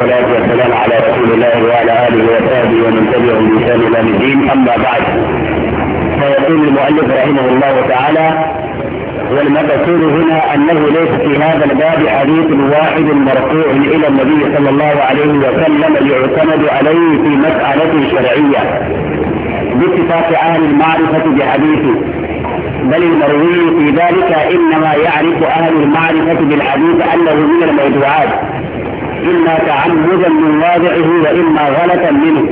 والصلاة والسلام على رسول الله وعلى آله وصحبه ومن تبعهم بإحسان إلى الدين أما بعد فيقول المؤلف رحمه الله تعالى والمقصود هنا أنه ليس في هذا الباب حديث واحد مرفوع إلى النبي صلى الله عليه وسلم يعتمد عليه في مسألة شرعية باتفاق أهل المعرفة بحديثه بل المروي في ذلك إنما يعرف أهل المعرفة بالحديث أنه من الموضوعات إما تعمدا من واضعه وإما غلطا منه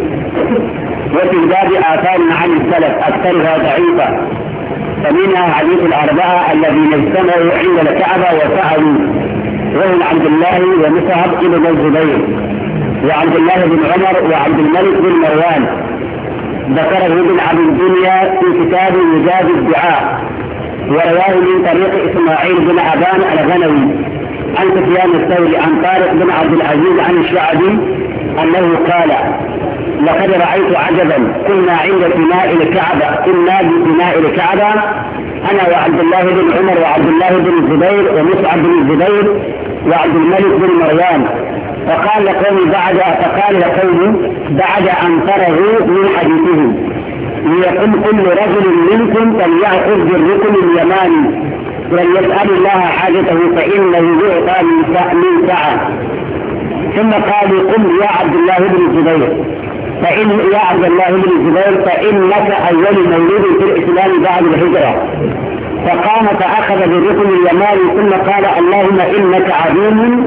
وفي الباب آثار عن السلف أكثرها ضعيفة فمنها حديث الأربعة الذين اجتمعوا عند الكعبة وسألوا وهم عبد الله ومصعب بن الزبير وعبد الله بن عمر وعبد الملك بن مروان ذكره ابن عبد الدنيا في كتاب مجاب الدعاء ورواه من طريق إسماعيل بن عبان الغنوي عن سفيان الثوري عن طارق بن عبد العزيز عن الشعبي أنه قال لقد رأيت عجبا كنا عند بناء الكعبة كنا بناء الكعبة أنا وعبد الله بن عمر وعبد الله بن الزبير ومصعب بن الزبير وعبد الملك بن مريان فقال لقوم بعد فقال لقوم بعد أن فرغوا من حديثهم ليقم كل رجل منكم فليأخذ بالركن اليماني من يسأل الله حاجته فإنه يعطى من سعة ثم قالوا قم يا عبد الله بن الزبير فإن يا عبد الله بن الزبير فإنك أول مولود في الإسلام بعد الهجرة فقام فأخذ بالركن اليماني ثم قال اللهم إنك عظيم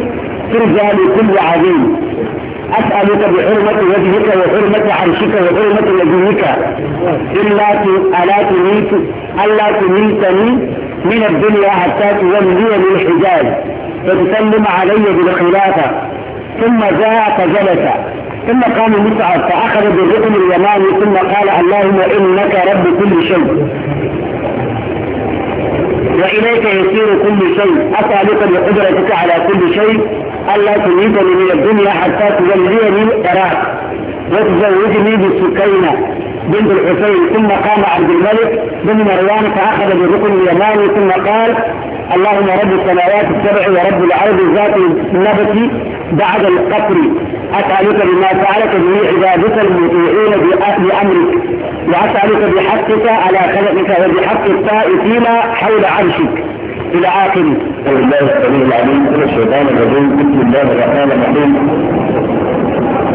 ترجى لكل عظيم أسألك بحرمة وجهك وحرمة عرشك وحرمة نبيك إلا ألا تميت ألا تميتني من الدنيا حتى تولي للحجاز فتسلم علي بالخلافة ثم جاء فجلس ثم قام مصعب فأخذ بالركن اليماني ثم قال اللهم إنك رب كل شيء وإليك يسير كل شيء أسألك بقدرتك على كل شيء ألا تميتني من الدنيا حتى لي العراق وتزوجني بالسكينة بنت الحسين ثم قام عبد الملك بن مروان فاخذ بالركن اليماني ثم قال اللهم رب السماوات السبع ورب الارض ذات النبت بعد القطر اسالك بما فعلت به عبادك المطيعين بامرك واسالك بحقك على خلقك وبحق الطائفين حول عرشك الى اخره. ولله السميع العليم من الشيطان الرجيم بسم الله الرحمن الرحيم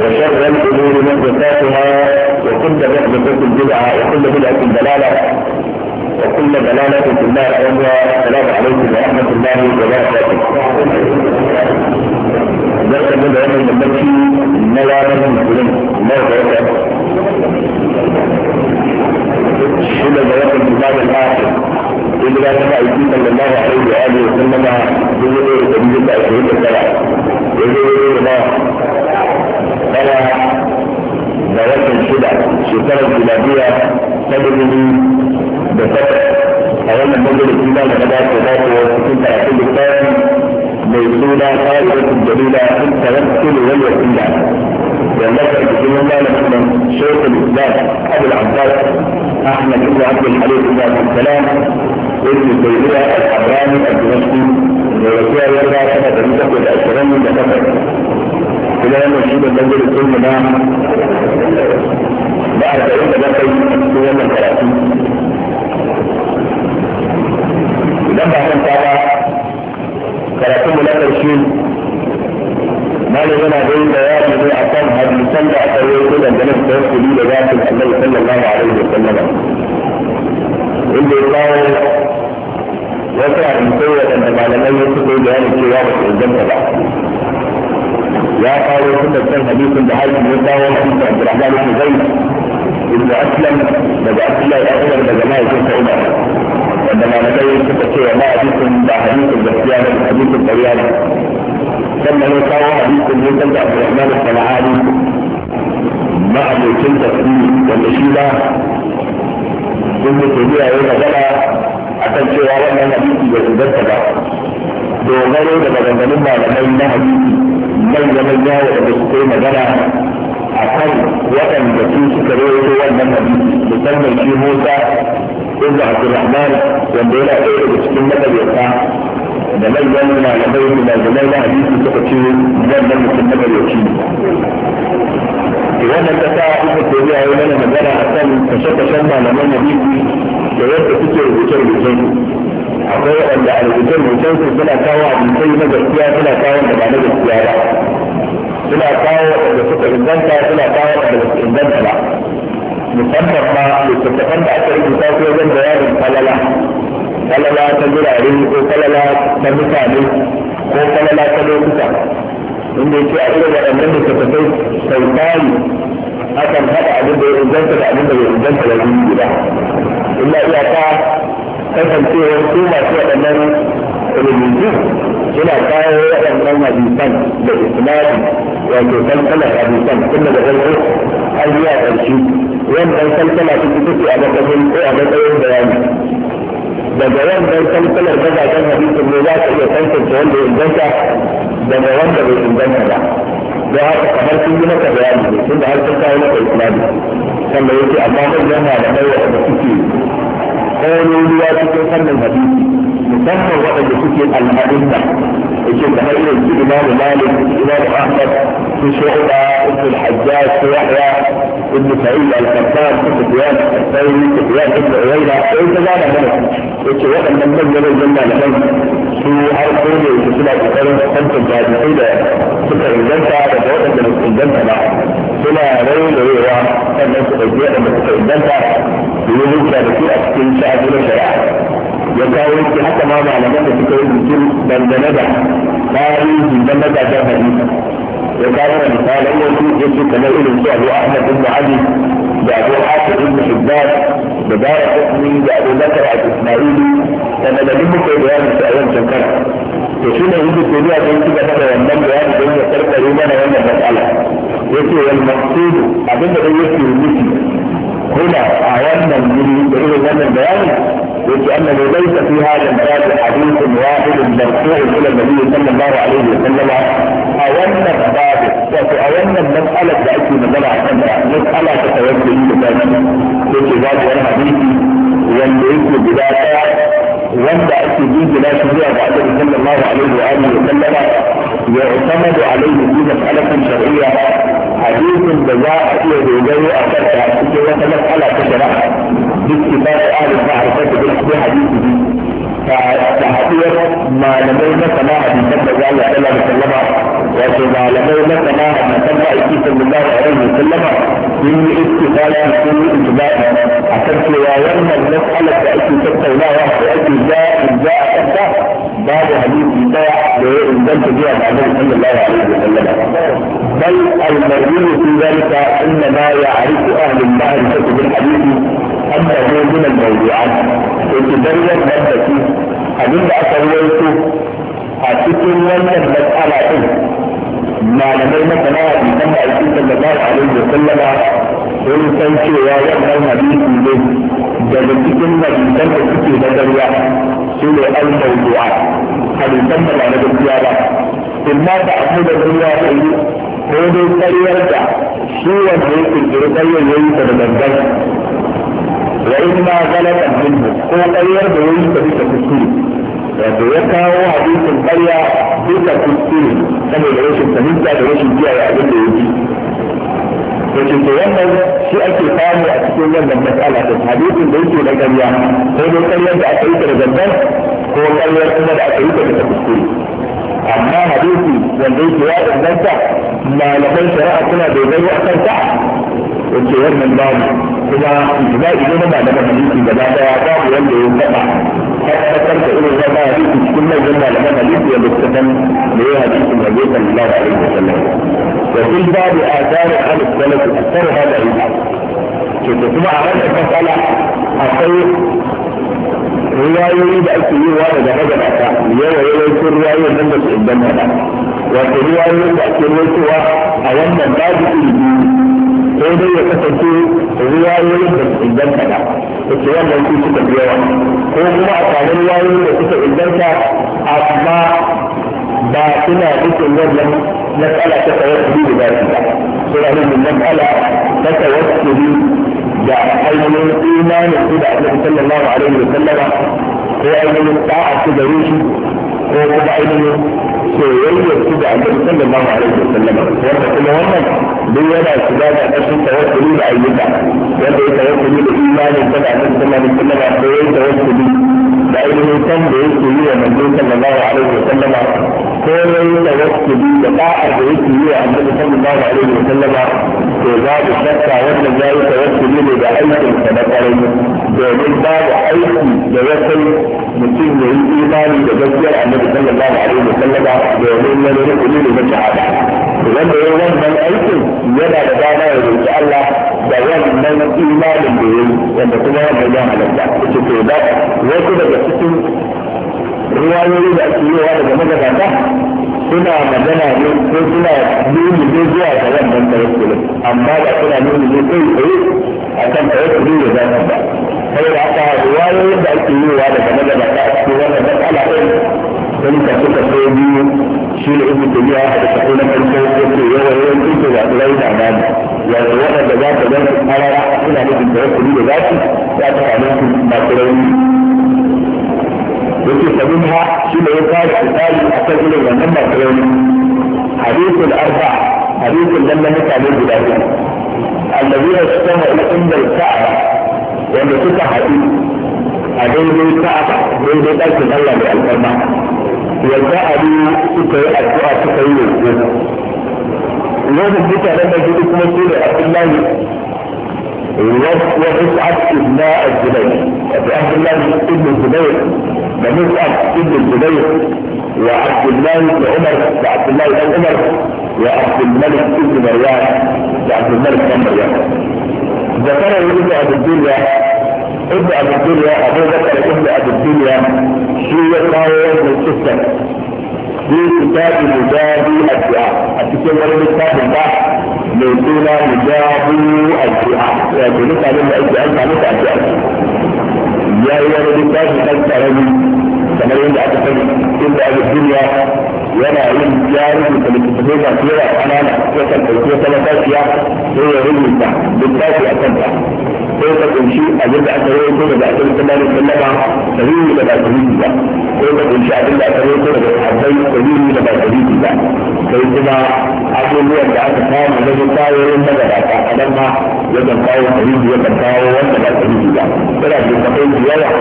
وشر الامور محدثاتها وكل محدثة بدعة وكل بدعة ضلالة وكل ضلالة في النار وجل السلام عليكم ورحمة الله وبركاته. درس من من المبكي نلا من المسلمين مرة أخرى. شد جواب الكتاب الآخر إلا كما يقول الله عليه وآله وسلم islamiyya ta dubu da takwas a wannan majalisi na da gabata da ta cikin karatun littafi mai suna ƙa'idatun jalila in tawakkul wal wasila وذكر بسم الله مثلا شيخ الاسلام ابو العباس احمد بن عبد الحليم بن عبد السلام ابن تيميه الحراني الدمشقي ووكيع يرجع سنه تمسك الاشرين من كفر الى ان يشيد المنزل الكل ده da arba'in da bakwai cikin wannan karatu idan ba manta ba karatun mu na ƙarshe malam yana dai bayani ne a kan hadisan da aka yi ko dangane da tawakkuli da zafin annabi sallallahu alaihi wa sallam inda ya kawo wasu hadisai waɗanda malamai ya suka yi bayanin cewa ba su inganta ba ya kawo sunan kan hadisin da haifin ya kawo hadisin Abdurrahman ibn Zaid ibn aslam daga abdullahi aslam daga mahaifin sa umar wanda malamai suka ce wa ma'adisin ba hadisin gaskiya ba hadisin ƙarya ne sannan ya kawo hadisin ne kan da abdurrahman sana'ani ma'abokin tafsiri wanda shi ba ibn tabiya ya magana akan cewa wannan hadisi bai inganta ba dogaro da maganganun malamai na hadisi manya-manya waɗanda suka yi magana a kan waɗanda su suka rawaito wannan nabi musamman shi Musa ibn Abdurrahman wanda yana ɗaya daga cikin madaryata da manyan malamai da malamai na hadisi suka ce wannan mutum madaryaci ne wannan ta sa ita ko ya yi mana magana a kan kashe-kashen malaman hadisi da yadda suke rubuce-rubucen akwai waɗanda a rubuce-rubucen su suna kawo abin na gaskiya suna kawo da ba na gaskiya ba بلا تاور لسوق الاندنتا بلا تاور لسوق لا مصدر ما لتتفند أكثر من تاور في وزن بيان قال لا قال لا تنزل عليه وقال لا تنزل عليه وقال لا تنزل عليه من يشاء إلى الأمرين تتفيد سيطان أكثر هذا عدد الاندنتا لأمين الاندنتا لأمين الاندنتا إلا إذا كان فهم فيه ثم فيه أمرين الاندنتا suna kawo waɗannan hadisan da islamu wato kankana hadisan tun daga farko har zuwa ƙarshe wannan kankana sun fi ce a matsayin ko a matsayin bayani daga wannan kalkalar kan hadisan ne za ka iya tantance wanda ya inganta daga wanda bai inganta ba da haka kamar sun yi maka bayani ne tun da har sun kawo maka isnadi sannan yake amma manyan malamai waɗanda suke ƙaunin ruwa cikin fannin hadisi musamman waɗanda suke al'adunta yake kamar irin su imamu malik imamu ahmad su shu'ba ibn al-hajjaj su yahya ibn sa'id al-qattan su sufyan al-thawri sufyan ibn uwayna sai ta zana mana yake waɗannan manyan manyan malaman su har ko da yake suna kokarin tantance hadisai da suka inganta daga waɗanda ba su inganta ba suna rairayewa sannan su ɗauki waɗanda suka inganta su yi hujja da su a cikin sha'adu na shari'a ya kawo yake haka ma malaman da suka yi bikin dangane da tarihi na mazajen hadisi ya kawo da misalan wasu yake kamar irin su abu ahmad ibn ali da abu hafiz ibn hibban da bara hukmi da abu bakar a ismaili da madadin muka yi bayanin su a wancan kan to shi ne yake duniya don ci gaba da wannan bayani don ya karkare mana wannan matsala yake wal maqsudu abinda da yake nufi kuna a wannan guri da irin wannan bayani لأنه ليس في هذا الباب حديث واحد مرفوع إلى النبي صلى الله عليه وسلم أولنا الباب أولنا المسألة التي نزل عنها مسألة تتوجه إلى مكان الكتاب والحديث والبيت بذاتها وانت اكتب دي بلا شريعة بعد صلى الله عليه وآله وسلم يعتمد عليه في مسألة شرعية hadisin da za a iya dogaro a kanta cikin wata matsala ta shari'a duk kitab alif ba harfa da duk da hadisi ta haɗuwar malamai masana hadisan da za a yi da sallama wato malamai masana hadisan da ake sallallahu alaihi wa sallama sun yi istifaki sun yi ijma'i a kan cewa wannan matsalar da ake tattaunawa da ake za a kanta babu hadisi ɗaya الجنة دي بعد النبي الله عليه وسلم بل المرجو في ذلك ان ما يعرف اهل المعرفه بالحديث الحديث هو من الموضوعات وتدور نفسي حديث اتولته حسيت ان المسألة ايه ما لم يمكن احد يسمع الكتب الله عليه وسلم ان كان شيء واضح او حديث منه جلدتك ان الانسان الكتب بدل واحد سوى الموضوعات halittar da ba na gaskiya ba in ma ta abu da duniya ta yi ko dai karyar da shi wanda ya kirkiri karyar ya yi ta da gangan wa in ma galata minhu ko karyar da ya yi ta bisa kuskure wato ya kawo hadisin karya bisa kuskure saboda rashin fahimta da rashin kiyaye abin da ya ji da ke ke wannan shi ake samu a cikin wannan matsala da hadisin da yake da karya sai dai karyar da aka yi ta da gangan ko ƙaryar kuma da aka yi ta bisa kuskure amma hadisi wanda yake ya inganta malaman shari'a suna dogaro a kan ta yace wannan babu kuma ijma'i ne na malaman hadisi gaba daya babu wanda ya faɗa tabbatar da irin wannan hadisi cikin manyan malaman hadisi wanda suka san da ya hadisi da ya sallallahu alaihi wasallam wa fil babu azar al-salaf akthar hada al-hadith to kuma a wannan masala akwai riwayoyi da ake yi wa daga magabata yawa yawancin riwayoyin nan da su inganta mana wato riwayoyin da ake rawaitowa a wannan babu ilimi ko dai ya kasance riwayoyin da su inganta mana da ke wannan su suka fi yawa ko kuma a samu riwayoyin da suka inganta amma ba suna nufin wannan matsala ta tsawon da ba su ba suna nufin matsala ta tsawon da ainihin imanin su da annabi sallallahu alaihi wa sallama ko ainihin ta'a su da rushi ko kuma ainihin soyayyar su da annabi sallallahu alaihi wa sallama wanda kuma wannan duk yana shiga da ƙarshen tawakkuli da ayyuka wanda ya tawakkuli da imanin sa da annabi sallallahu alaihi wa sallama ko ya tawakkuli da ainihin san da yake yi wa manzo sallallahu alaihi wa sallama komai tawakkuli da da'ar da yake yi wa annabi sallallahu alaihi wa sallama to za ku shakka wannan ya yi tawakkuli ne da aikin sa na kwarai domin babu aiki da ya kai mutum ya yi imani da gaskiyar annabi sallallahu alaihi wa sallama domin wani rukuni ne na shahada wanda ya wannan aikin yana da dama ya wannan imanin da ya yi wanda kuma wannan ya halatta cikin ce da wasu daga cikin ruwayoyi da ake yiwa daga magabata suna magana ne ko suna nuni ne zuwa ga wannan tawakkuli amma ba suna nuni ne kai tsaye a kan tawakkuli da za ba da haka ruwayoyin da ake yiwa daga magabata a cikin wannan matsala ɗin wani kasu kaso biyu shi da ibn tabiya da kaso na farko yake yawan yawan kuka da tsirai da amana wato waɗanda za ka gan su karara suna nufin da wasu da za su za ta kame su masu rauni yake sabin ha shi da ya kawo tsari a kan irin wannan masu rauni hadisul arba hadisul nan na mutane guda biyu الذين اجتمعوا عند الكعبة وأن تفتح a daidai ta daidai ɗakin Allah mai alfarma وجعلوا سكي الدعاء سكي يوم لازم بيتا لما يجي اسمه سورة عبد الله ومسعد ابن الزبير عبد الله ابن الزبير ومسعد ابن الزبير وعبد الله بن عمر وعبد الله بن عمر وعبد الملك ابن مريم وعبد الملك بن مريم ذكره ابن ابي الدنيا ابن ابي الدنيا ابو بكر ابن ابي الدنيا في قاول ابن السكن في كتاب مجابي الدعاء الكتاب ولد كتاب البحث من دون مجابي الدعاء يعني نسأل الله الدعاء فنسأل الدعاء يا ايها الذين امنوا اتقوا kamar yadda aka sani inda a duniya yana yin ya rubuta littattafai masu yawa kanana ya kan ɗauki wata matashiya sai ya rubuta littafi a kanta kunshi abin da aka rawaito daga akan sallallahu alaihi wasallam sahihi da ba sahihi ba ko ta kunshi abin da aka rawaito daga sahabbai sahihi da ba sahihi ba sai kuma abubuwan da aka samu na kayoyin magabata a nan ma yakan kawo sahihi yakan kawo wanda ba sahihi ba yana da kafai da yawa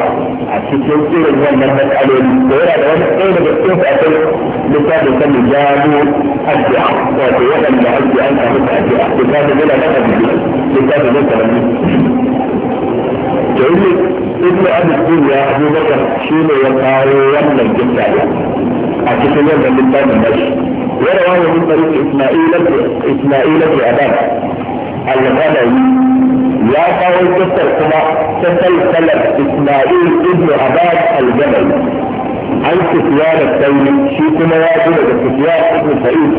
a cikin irin wannan matsaloli da yana da wani ɗaya daga cikin su akwai littafin kan jamu addu'a wato waɗanda ake an samu addu'a littafin yana da addu'a littafin zai karami يقول لك ابن ابي الدنيا ابو بكر شنو يقال ولا الجمله اعتقد ان من باب المشي ورواه من طريق اسماعيل اسماعيل بن ابان الغنوي يا قوي كسر كما تسلسل اسماعيل ابن ابان الجبل عن سفيان الثوري شي كما يقول سفيان ابن سعيد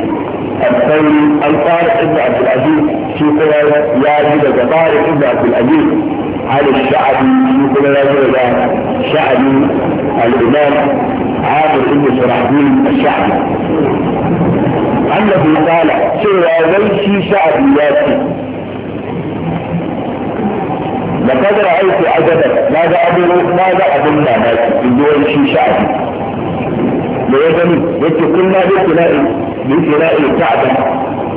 الثوري عن طارق بن عبد العزيز شي كما يقول طارق بن عبد العزيز علي الشعبي يقول لا إلى شعبي الإمام عامر بن شرحبيل الشعبي أنه قال سوى ويشي شعبياتي لقد رأيت عجبا ماذا أظن ماذا أظن ماذا في ويشي شعبي ليتني يتي كنا بثناء بثناء الكعبة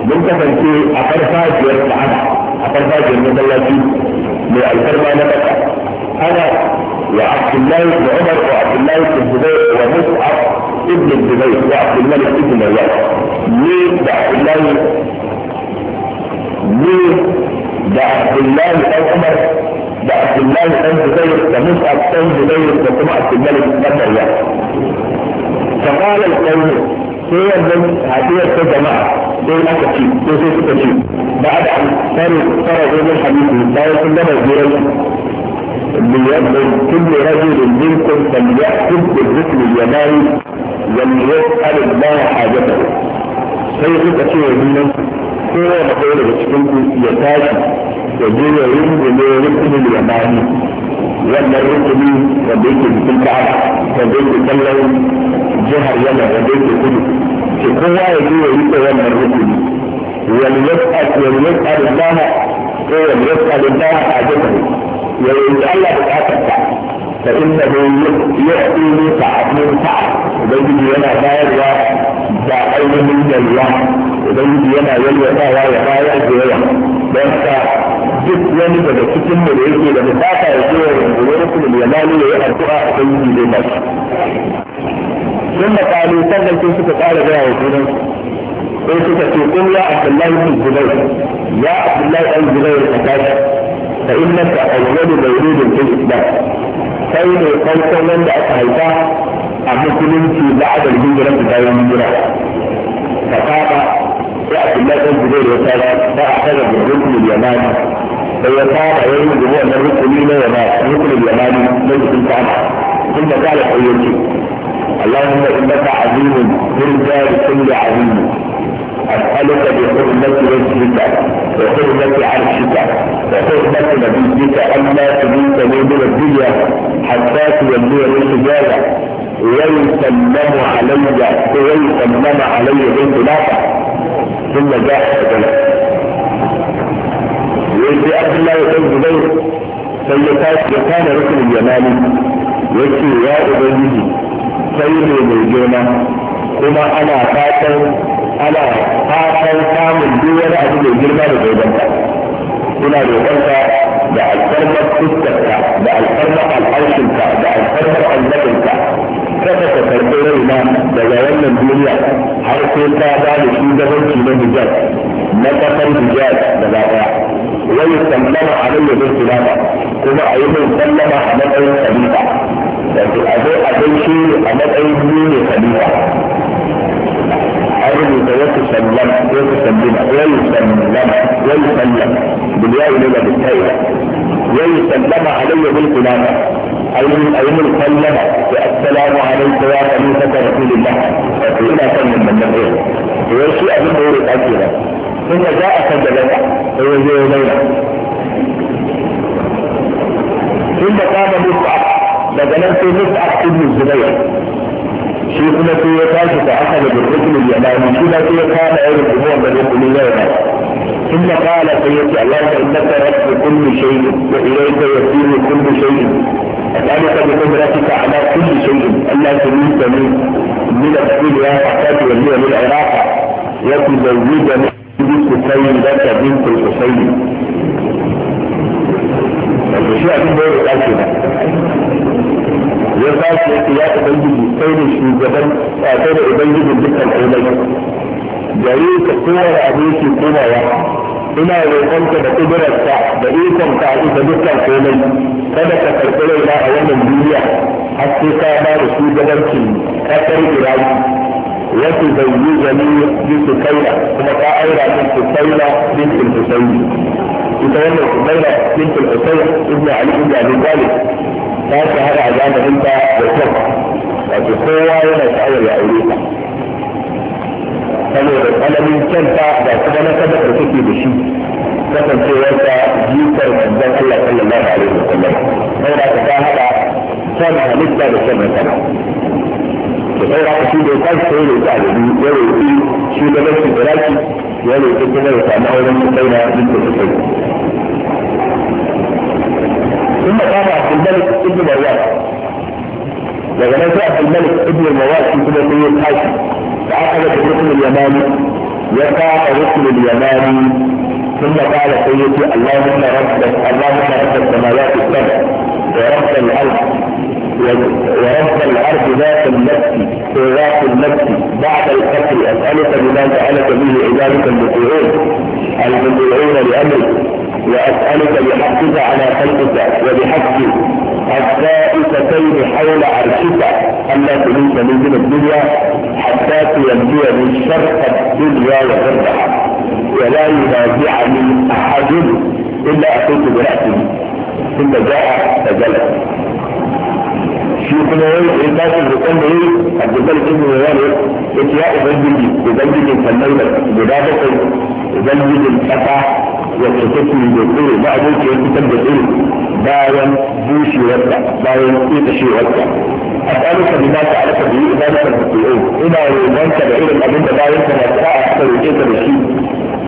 من تفنتي أفرفاجر العمى أفرفاجر المدلسين من الفرقة نبقى أنا وعبد الله بن عمر وعبد الله بن الزبير ومصعب ابن الزبير وعبد الملك ابن مروان ليه بعبد الله ليه بعبد الله بن عمر بعبد الله بن زبير ومصعب بن زبير وكما عبد الملك بن مروان فقال القوم هي من هذه الجماعه sai aka ci ko sai suka ci ba a da tsaro tsara zai hadisi bayan sun gama zuwa ليؤمن كل رجل منكم فليأخذ بالركن اليماني وليسأل الله حاجته sai suka ce wa junan kowa da kowa daga cikin ku ya tashi da je ya rungume rukunin yamani wannan rukuni wanda yake jikin ka'aba wanda yake kallon jihar yamma wanda yake kudu ce kowa ya je ya rike wannan rukuni wal yas'al wal yas'al Allah ko wal yas'al Allah ajabahu ya roki Allah bukatarsa fa innahu ya'ti min ta'atin ta'a ubangiji yana bayarwa da ainihin yalwa ubangiji yana yalwatawa ya bayar da yawa don ka duk wani daga cikin mu da yake da bukata ya je ya rubuta rukunin yamani ya yi addu'a ubangiji zai ba ثم قالوا سلم كيف قال يا وجنون كيف تقول يا عبد الله بن الزبير يا عبد الله بن الزبير فتاش فإنك أول مولود في الإسلام فإن قلت من دعك أتهيتا أمسلم في بعد الهجرة غير الهجرة فقال يا عبد الله بن الزبير وقال وسلم فأخذ بالركن اليماني فيقال يوم الجمعة من الركن اليماني ركن اليماني ليس في الكعبة ثم قال حيوتي اللهم انك عظيم في لكل عظيم اسالك بحرمه وجهك وحرمه عرشك وحرمه نبيك الا تموت من الدنيا حتى تولي حجابا ويسلم علي ويسلم علي بالخلافه ثم جاء فجلس ويجي عبد الله بن زبير سيدات وكان ركن اليماني يجي يا ابني sai ne mai girma kuma ana fatan ana fatan samun duk wani abu mai girma da gobanka ina roƙonka da alfarmar fuskarka da alfarmar al'arshinka da alfarmar annabinka kada ka karɓi raina daga wannan duniya har sai ka ba da shugabanci na hijab na ƙasar hijab da ɗaya wani sallama a nan yadda kuma a yi min sallama a matsayin khalifa wato a zai a gaishe a matsayin biyu ne khalifa an rubuta wasu sallam wasu sallama wayu sallama wayu sallam biliya ne da bisaiwa wayu sallama alayya bil kulama ainihin ainihin sallama da assalamu alaikum ya khalifa ta rasulullah wato ina son mun nan ne to wai shi abin da ya rika kenan ثم جاء فجلس ويزيد بينه ثم قام مصعب مثلا في sai mus'ab الزبير zubair shi kuma فاخذ بالركن اليماني ta aka قال اي الجموع yamani يقول اليوم ثم قال سيدي الله انك رب كل شيء واليك يسير كل شيء اسالك بقدرتك على كل شيء الا تميتني من الدين يا فتاه ولي للعراق وتزوجني بنت الحسين لك بنت الحسين الشيء ya ba shi yake ya ubangiji sai da shugaban sai da ubangijin dukkan komai gare ka kowane abu yake komawa ina roƙonka da kudurarka da ikonka a ita dukkan komai kada ka karɓi raina a wannan duniya har sai ka ba da shugabancin ƙasar iraki wasu zanyi zani bisu kaina kuma ka aura min su kaina min su husaini ita wannan su kaina min su husaini ibn ali ibn abi talib ta shahara a zamanin ta da kyau wato kowa yana sha'awar ya aure ta saboda tsananin kyanta da kuma na kada da take da shi kasancewar ta jikar manzon Allah sallallahu alaihi wasallam saboda ta ta hada kyan halitta da kyan masana da saboda ka shi da kan sai da ta da ya roƙi shugabanci da raki ya roƙi kuma ya samu auren mutaina duk da suke ثم قام الملك ابن مروان لما جاء الملك ابن ibn في سنة sai ya tashi da aka da rukun yamani ثم قال سيدي اللهم رب اللهم رب السماوات السبع ورب الارض ورب الارض ذات النفس ذات النفس بعد القتل اسالك بما جعلك به عبادك المطيعون المطيعون لامرك واسألك بحقك على خلقك وبحق الثائفتين حول عرشك أن الا تنسى منزل الدنيا حتى تنبيه من شرق الدنيا وغيرها ولا ينازع من احد الا اخذت براسه ثم جاء فجلس شوف انا ايه الناس اللي كان ايه عبد الملك ابن الوالد اتياء بلدي بلدي الفنانه بلادته بلدي الفتح wacce take da tsoro ba abokiyar fitar da tsoro bayan bushewarta bayan ƙetashewata as'aluka bima ta'alaka bihi ibadaka al-mu'min ina roƙonka da irin abin da bayan ka na sa'a ka roƙe ka da shi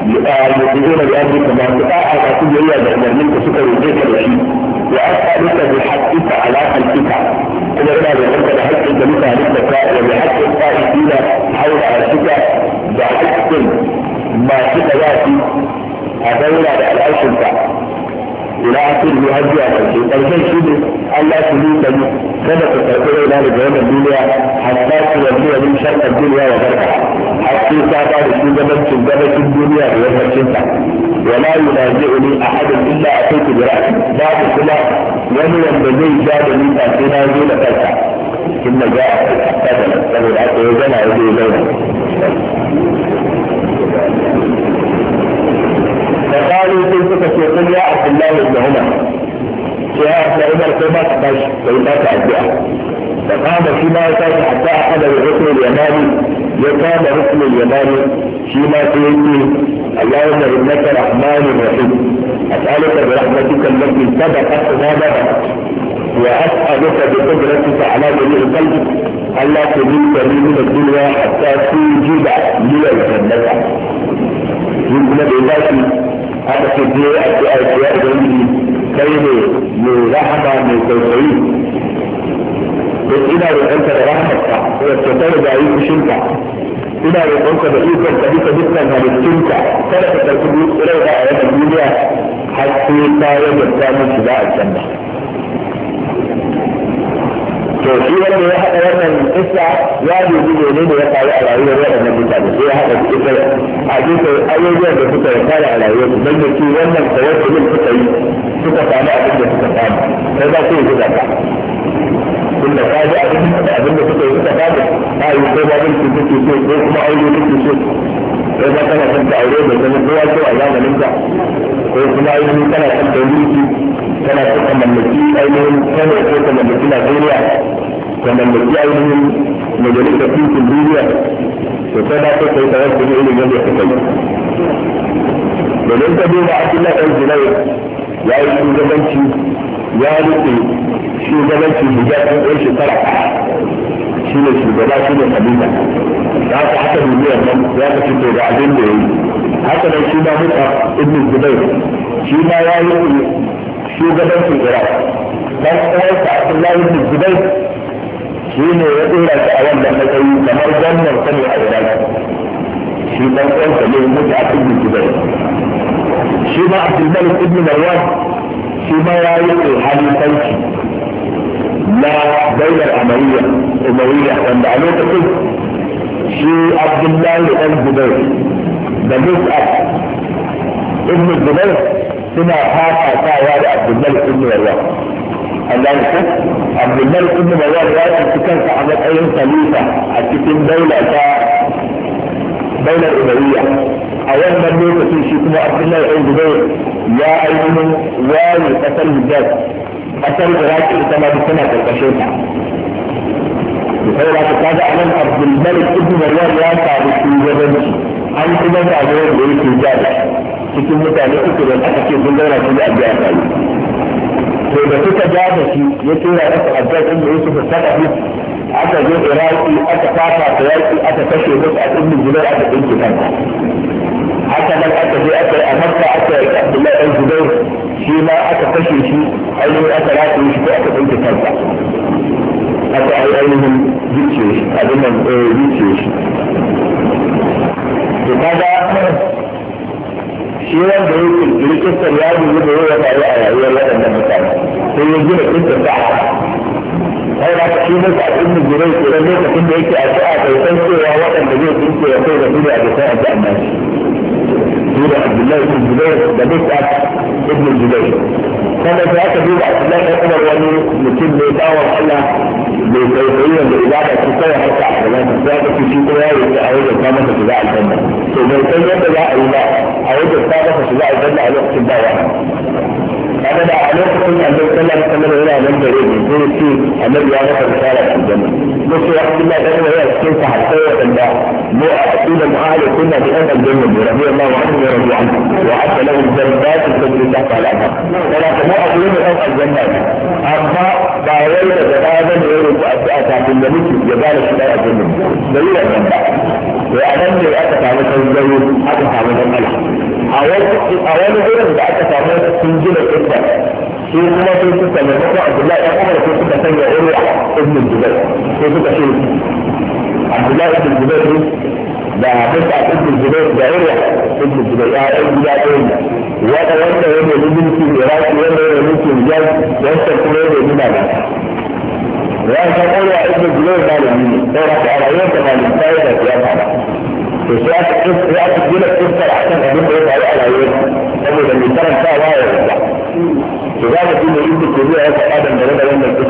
يؤمنون بأمرك ما استطاع أن أكون إلا بأمر منك سكر إليك الوحيد وأسألك بحقك على خلقك إن إلا بأمرك بحق أنت مثل عليك وبحق القائدين حول عرشك بحق ما تتوافي a daura da al'arshinka ila akin bi hajji a karshe karshen shi ne Allah su yi da kada ku karɓi raina daga wannan duniya hatta ku yanzu da min sharkar duniya wa barka har sai ta ba da shugabancin gabashin duniya da yammacinta wa la yunazi'uni ahadun illa ataitu bi ra'si babu kuma wani wanda zai ja da ni ba sai na zo da kanka ثم جاء الحسن saboda aka yi zama ya zo zauna فقالوا كنت تقول يا عبد الله بن عمر يا عبد عمر كما تقاش ويقاطع الدعاء فقام فيما يقاطع حتى أحد الركن اليماني يقام ركن اليماني فيما تيجي اللهم إنك رحمن رحيم أسألك برحمتك التي سبقت غضبك وأسألك بقدرتك على جميع قلبك ألا تجيبك لي من الدنيا حتى توجد لي الجنة. يقول أن aka ce je addu'a ya ce ya ubangiji kai ne mai rahama mai tausayi don ina roƙonka da rahamarka wacce ta riga yi fushinka ina roƙonka da ikon ka bisa dukkan halittunka kada ka karɓi rai a wannan duniya har sai ka yadda ta mutu za a canza to shi wanda ya haɗa wannan kissa ya dubi ne ne ya faru a rayuwar waɗannan mutane sai ya haɗa kissa a duka ayyukan da suka fara a rayuwar su don da wannan suka yi suka samu abin da suka samu sai za su yi zuba ka tunda ka ji abin da suka yi suka samu a yi ko ba mulki suke so ko kuma aure suke so ba kana son ta aure da zama kowa ko a zamanin ka ko kuma aure kana son ta mulki kana so ka mallaki ainihin kana so ta mallaki Najeriya ta mallaki ainihin majalisar ɗinkin duniya to ta da ka kai tawar kuma ilimin da suka yi domin ka duba Abdullah ɗan Zunair ya yi shugabanci ya rike shugabanci hijab ɗin ɗan shekara shi ne shugaba shi ne kabila da haka haka duniyar nan ya ka fito da abin da ya yi haka nan shi ma mutu ibn zubair shi ma ya yi shugabancin iraq dan uwansa abdullahi bin zubair shi ne ya tsira shi a wannan matsayi kamar gwamnan sani a iraq shi dan uwansa ne mutu a cikin zubair shi ma abdulmalik ibn marwan shi ma ya yi halifanci na daular amariya umariya wanda a lokacin shi abdullahi dan zubair da mus'ab ibn zubair سنا هذا سوا عبد الملك بن مروان الله يسلمك عبد الملك بن مروان رأى السكان صعب أي خليفة أكتم دولة تا دولة الأموية أيام من يوم في شيخ عبد الله أي دبي يا أيمن وال قتل الجد قتل الراس إذا ما بسنا في الكشوفة بخير هذا كذا عبد الملك بن مروان رأى في جبل أنت من أجل بيت الجبل cikin mutane uku da aka ce sun zauna su da addu'a tare to da suka ja da shi ya tura masa addu'a din da Yusuf Sakafi aka je Iraki aka fafa da yaki aka kashe musu a ibn Zubair aka ɗinki kanta haka nan aka je aka yi a Makka aka yi Abdullahi dan zubai shi ma aka kashe shi ainihin aka rasa shi ko aka ɗinki kanta aka yi ainihin zuciye shi abin nan zuciye shi to kaga shi wanda ya kirkiri kistar ya dubi da yawa faru a rayuwar waɗannan mutane sai ya gina kistar ta haka sai da ka shi musu a cikin jirai ke da lokacin da yake a sa'a kai san cewa waɗanda zai kirkiri ya kai da su ne a bisa a jami'a shi da abdullahi ibn jubair da bisa ibn jubair kana da aka duba Abdullahi ibn Umar wani mutum ne bawan Allah bai kai kai da ibada ko kai haka a gaban sa ya kace shi ko ya yi a wajen ta masa shiga aljanna to bai san yadda za a yi ba a wajen ta masa shiga aljanna a lokacin da ya هذا ده علاقة النبي الله عليه وسلم هنا من بعيد يقول في النبي أنا رسالة في الجنة بس واحد الله قال هي السنة حتى وتنبع مو أكيد أهل السنة في أهل الجنة رضي الله عنه ورضي عنه وحتى له الجنات التي تحت الأنهار ثلاثة مو أكيد أهل الجنة أما باوية جبابا غير أتى في النبي جبال الشباب الجنة دليل الجنة وأنا أتى على الزيت أتى على الجنة a wani a wani gurin da aka samu sun gina kissa shi kuma sai suka maimakon abdullahi ɗan umar sai suka sanya urwa ibn jubair sai suka ce abdullahi ibn jubair da musa ibn jubair da urwa ibn jubair ya ɗan gida ɗaya ne wanda wanda ya nemi mulki iraki wanda ya nemi mulki rijal wanda kuma ya nemi na ya san urwa ibn jubair malami ne sai raka a rayuwarsa malimta ya da ya fara وسياسة سياسة الدولة تفضل أحسن أبوك يطلع على عيون أبو لما يترم فيها واعي وبتاع وذلك دي مريض الكبير هيك آدم ده بدل ما تفضل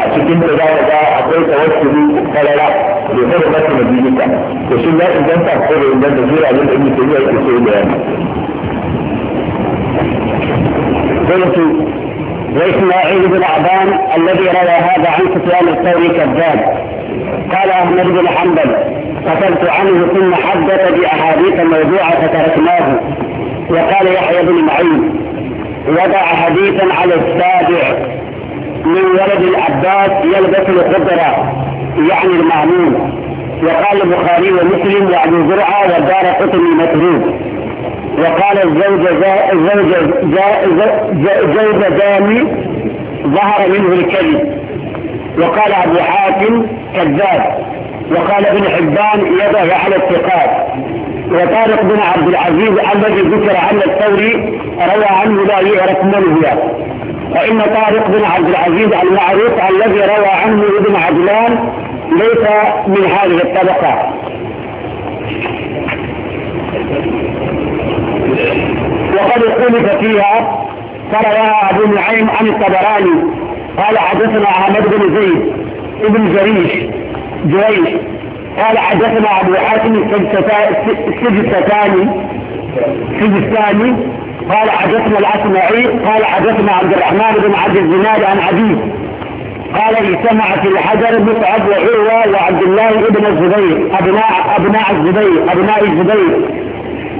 عشان انت ده ده هتلاقي توسل ولا لا بيقولوا بس ما بيجيك وشو لا انت انت هتقول ان ده زيرو على ابن الكبير هيك سوي ده يعني وإسماعيل بن عبان الذي روى هذا عن سفيان الثوري كذاب قال أحمد بن حنبل قتلت عنه ثم حدث بأحاديث موضوعة فتركناه وقال يحيى بن معين وضع حديثا على السابع من ولد العباس يلبس الخضرة يعني المعمول وقال البخاري ومسلم وابو زرعه ودار قطني متروك وقال الزوج زا الزوج زوج دامي ظهر منه الكذب وقال ابو حاتم كذاب وقال ابن حبان يده على الثقات وطارق بن عبد العزيز الذي ذكر عن الثوري روى عنه لا يعرف من هو وإن طارق بن عبد العزيز المعروف الذي روى عنه ابن عدلان ليس من هذه الطبقة وقد اختلف فيها فرواها أبو نعيم عن الطبراني قال حدثنا أحمد بن زيد ابن جريش جريج قال حدثنا أبو حاتم السجستاني السجستاني قال حدثنا الأسمعي قال حدثنا عبد الرحمن بن عبد الزناد عن عبيد قال اجتمع في الحجر مصعب وعروة وعبد الله بن الزبير أبناء أبناء الزبير أبناء الزبير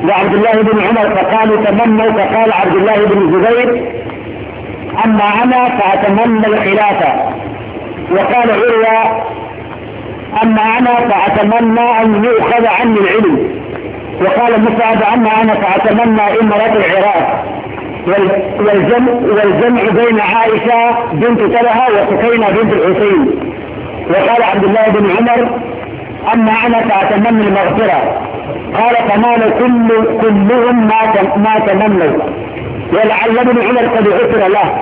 وعبد الله بن عمر فقالوا تمنوا فقال عبد الله بن الزبير أما أنا فأتمنى الخلافة وقال عروة أما أنا فأتمنى أن يؤخذ عني العلم وقال مسعد أما أنا فأتمنى إمرة العراق والجمع, والجمع بين عائشة بنت تلها وسكينة بنت الحسين وقال عبد الله بن عمر أما أنا فأتمنى المغفرة قال فمال كل كلهم ما ما تمنوا ولعل ابن عمر قد غفر له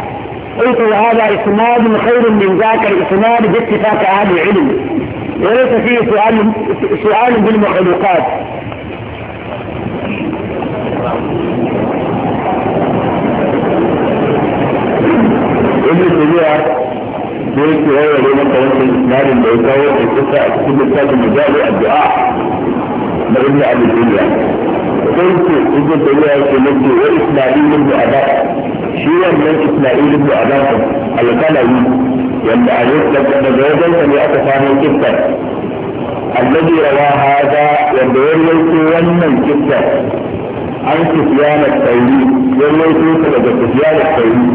قلت وهذا إسناد خير من ذاك الإسناد باتفاق أهل العلم وليس فيه سؤال سؤال بالمخلوقات ابن تيمية بيت هو اللي ما كانش اسناد اللي القصة كل كتاب مجال الدعاء مبني على الدنيا قلت ابن تيمية كلمت وإسماعيل بن أباك شيئا من إسماعيل بن أباك القلوي يتعليق لكنا جوجا كان يأتي ثاني كتا الذي روى هذا يدور يلتو ونن كتا عن سفيان الثوري يلو توسى لدى سفيان الثوري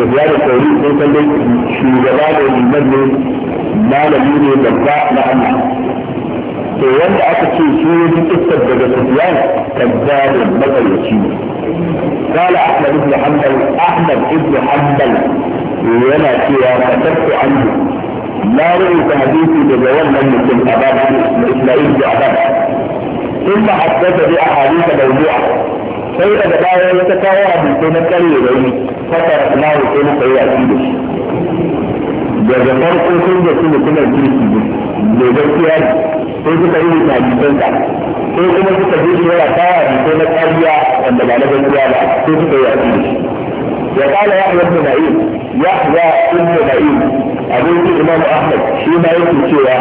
سفيان الثوري توسى لك شو جلاله من مدل ما لديني دفاع لعنى to wanda aka ce shi ya ji iskar daga Sufyan kazzabin matsalaci ne قال احمد بن حنبل احمد بن حنبل yana cewa fatattu anhu na rubuta hadisi daga wannan mutum a babu Ismail da Abad ثم حدث بأحاديث موضوعة sai daga baya ya ta kawo hadisai na karye da yi fatar na wuce na tsaye a cikin shi daga farko sun da su mutumin kirki ne gaskiya ne sai suka yi hadisansa sai kuma suka je shi yana kawo hadisai na ƙarya wanda ba na gaskiya ba sai suka yi hadisi وقال يحيى بن معين يحيى بن معين أبو الإمام أحمد فيما يكتب سوى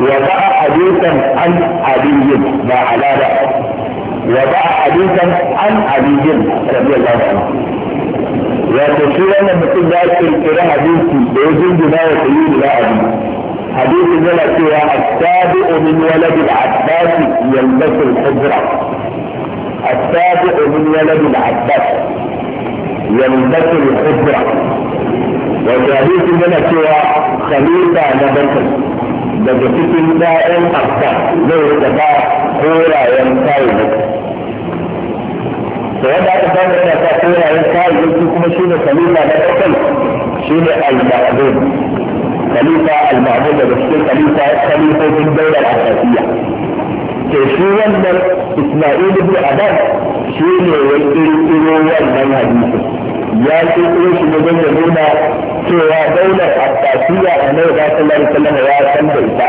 وضع حديثا عن علي ما على وضع حديثا عن علي رضي الله عنه وتشير أن مثل ذلك الكلام حديثي بيجي بما وسيدنا علي حبيب الملك هو التابع من ولد العباس يلبس الحجرة التابع من ولد العباس يلبس الحجرة وشهيد الملك هو خليفة نبكر بجسد دائم أكثر لو تبع كورا ينتهي فوضع تبعنا كورا ينتهي لكم شيء خليفة نبكر شيء المعدوم الخليفة المعبودة بالشيخ خليفة خليفة في الدولة العباسية شو wannan Ismail ibn Abbas shi ne ya kirkiro wannan hadisi ya kirkiro shi don ya nuna cewa daular Abbasiyya Annabi sallallahu alaihi wasallam ya san da ita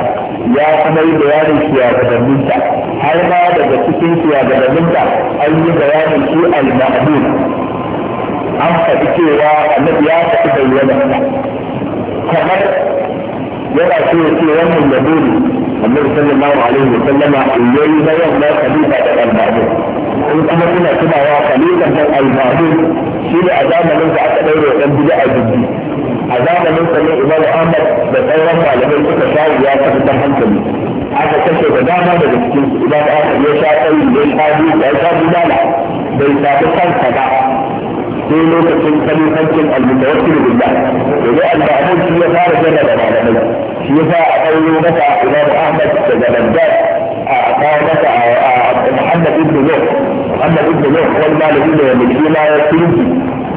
ya kuma yi bayanin shugabanninta har ma daga cikin shugabanninta an yi bayanin shi al-Ma'bud an faɗi cewa Annabi ya faɗi bayanin المستقبل يبقى في في يوم النبي النبي صلى الله عليه وسلم الليل لا خليفه على المعبود ان كنا كنا كنا خليفه من المعبود في الاعدام من بعد دوري وكان بدا جدي اعدام من سمع الامام احمد بخير على من كنت شاعر يا سيدنا محمد هذا كشف بدانا من الكتب الامام احمد يشاعر يشاعر يشاعر يشاعر يشاعر يشاعر يشاعر لا يشاعر يشاعر sai lokacin kalifancin almutawakkil billah yanzu al-mahmud shi ya fara jana da malamai shi ya fara kawo masa imam ahmad daga bagdad a kawo masa a muhammad ibn nuh muhammad ibn nuh wani malami da wani shi ma ya turki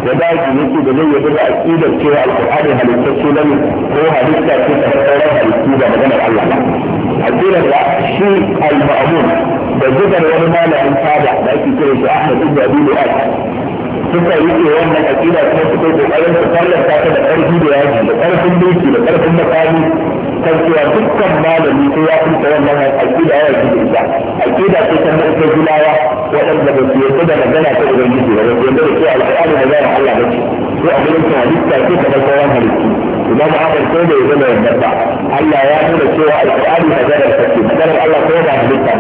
ya daji yake da zai yadda aqidar cewa al-qur'ani halittacce ne ko halitta ce ta sauran halittu da maganar Allah aqidar da shi al-ma'mun da zubar wani malamin saba da ake kira shi ahmad ibn abi suka rike wannan aƙida kuma suka yi ƙoƙarin su tallata ta da ƙarfi da yaji da ƙarfin doki da ƙarfin makami kan cewa dukkan malami ko ya furta wannan aƙida ya ji ita aƙida ce ta na ita zulawa waɗanda ba su yarda da magana ta ubangiji ba ba su yarda da cewa alƙur'ani magana Allah ba ce ko abin halitta ce kamar sauran halittu إمام عاصم توبة يقول له يتبع قال له يا أمين السورة القرآن مجال الفتي مجال الله توبة عن الإنسان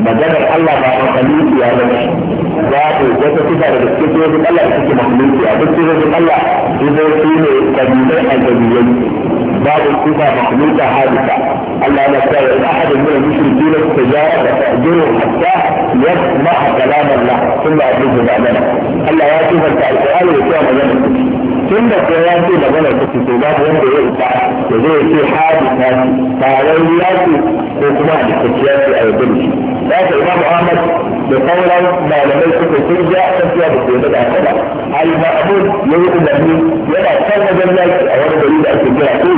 مجال الله بعد خليل يا نمش ذاته جسد كفا لبسكت يوزد الله بسكت محمود يا بسكت يوزد الله إذا يكون كبيرا كبيرا بعد كفا محمود حادثة الله أنا إن أحد من المشركين التجارة تأجره حتى يسمع كلام الله ثم أبنه بعدنا الله يأتيه أنت القرآن ويسوع مجال الفتي tun da kuwa ya ce magana ta fito ba wanda ya isa da zai ce hadu ta taron ya ce ko kuma a dukkanci ya ce a yadda da shi ya ce imam ahmad da sauran malamai suka sun ja a kan cewa da ke da aka ba al-ma'mun ya yi umarni yana kan wajen yaki a wani gari da ake kira ko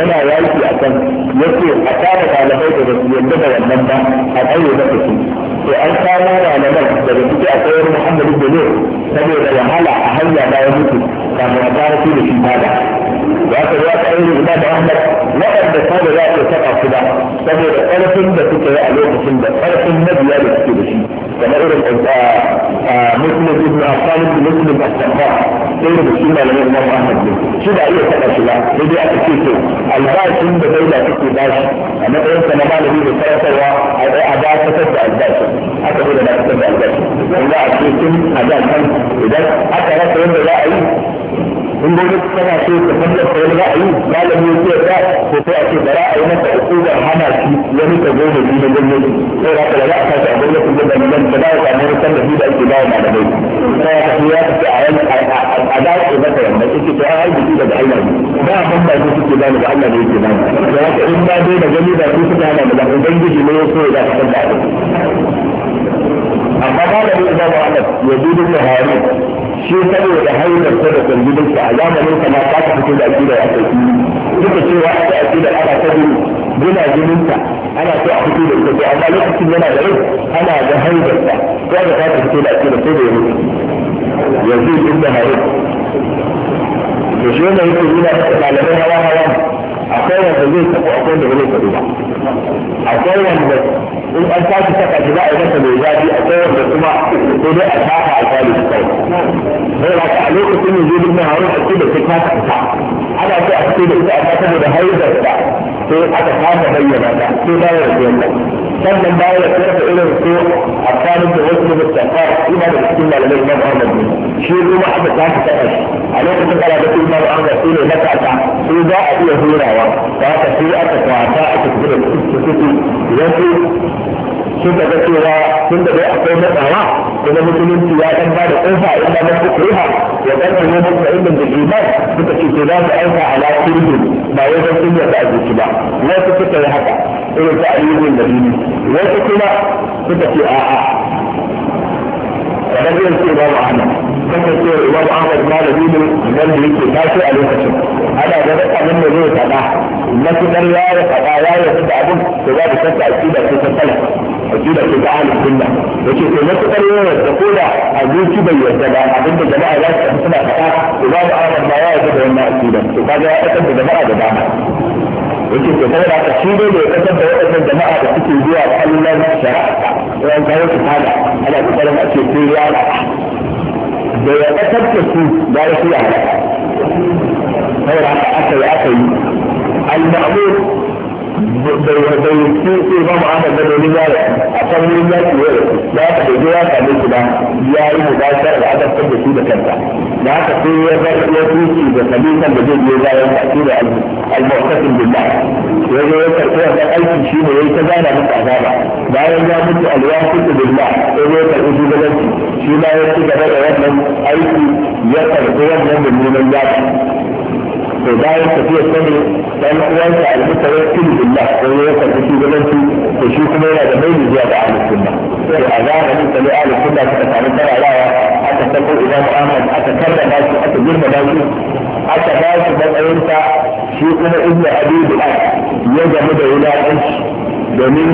yana yaki a kan yace a kama malamai da basu yadda da wannan ba a tsaye da su to an kama malaman daga ciki akwai wani muhammadu bello saboda wahala a hanya bayan mutu samu a gara su da shi bada ya ka ya ka yi da Ahmad waɗanda ta da za ka saka su ba saboda ƙarfin da suka yi a lokacin da ƙarfin mabiya da suke da shi kamar irin muslim ibn Affan ibn muslim as-Safa ɗaya da shi malamin Imam Ahmad ne shi da iya saka shi ba sai dai aka ce to albashin da daula take bashi a matsayin sa na malami da sarrafawa a dakatar da albashi aka zo da dakatar da albashi in za a ce tun a da kan idan aka rasa yadda za a yi in dai duk tana so ta fallasa wani ra'ayi malami ya ce ta ko sai a ce bara a yi masa ukubar hana shi wani ta zo da shi na gwamnati sai za ka da za a tashi a gwamnatin da ban ta dawo kamar wani tallafi da ake bawa malamai sai ya tafi ya tafi a yanki a dace masa yamma yake to har biki daga Allah ne ba ban ba su suke bani ba Allah ne yake bani da haka in ba dai da gani da su suka hana da ubangiji ne ya so ya da ka da amma ba da yin zama ana ya dubi ta haru shi saboda hanyar ta da tsangidin sa a zamanin sa ma ta fito da akida ya ta fili duka cewa aka akida ana ta bin gina jinin sa ana so a fito da ita to amma lokacin yana da rai ana da hanyar sa ko da ta fito da akida sai da ya mutu yanzu inda haru to shi wannan yake nuna malamai hawa hawa akwai wanda zai tafi akwai wanda zai taɓa ba akwai wanda in an tashi saka shi za a yi masa mai zafi akwai wanda kuma sai dai a tafa a kwali su kai sai ba a lokacin da zai dinga hawa a cikin da ta tafa ta ana so a cikin da ita a tafa da haizar ta sai aka tafa bayyana ta sai dawo da yanzu. من باية كيف إلى السوق أبطال إنت غزم بالتقار إذا بكتنا لليه ما بأرنا بنا شير ما حد كان تتأش عليك تقال بك إما بأرنا سيلة لك أتع سيداء يهينا وقت فاكا سيئة وعطاء تكبير السوق wasu sun daga cewa sun daga akwai matsawa kuma musulunci ya kan ba da kofa in ba masu kuriha ya kan ta nemo ta ilmin da iman suka ce to za su aika a lafiyarsu ba wai don sun yadda azuci ba wasu suka yi haka irin ta alimin da dini wasu kuma suka ce a'a kamar yin ce ba muhammad kasance imam ahmad malami ne nan da yake tashi a lokacin ana da duk abin da zai faɗa matukar ya ya faɗa ya ya faɗa abin da za ta kasa akida ce ta salaf akida ce ta ahlus sunna yace to matukar ya yarda ko da a zuci bai yarda ba abin da jama'a za su tafi suna faɗa imam ahmad ma ya yarda da wannan akida to kaga ya kasar da jama'a da dama yake ke saboda haka shi dai da ya kasar da waɗannan jama'a da suke zuwa kallon shari'a ta yawan kawo su tada ana kokarin a ce sai ya da ya ƙasar da su da ya fi yara. Saboda haka aka yi aka yi. Al-Ma'amur bai ci ce ba mu aka da domin yaro a kan wurin yaki yau da aka bai je ya same shi ba ya yi mu bashar da aka fitar da shi da kanta da aka sai ya bar ya tuci da kan da zai je bayan ta ce da al-mu'tasim billah ya zo ya karɓi wannan aikin shi ne yayi ta gana masa azaba bayan ya mutu al-waqit billah ya zo ya karɓi shugabanci shi ma ya ci gaba da wannan aiki ya karɓi wannan mummunan yaki to bayan tafiyar sani dan uwansa al-mutawakkil billah ko ya tafi shugabanci to shi kuma yana da mai zuwa ga ahlus sunna to a zamanin sa ne ahlus sunna suka samu tararawa aka sako imam Ahmad aka karrama shi aka girmama shi aka ba shi matsayinsa shi kuma ibn Abi Bilal ya gamu da wulaƙanci domin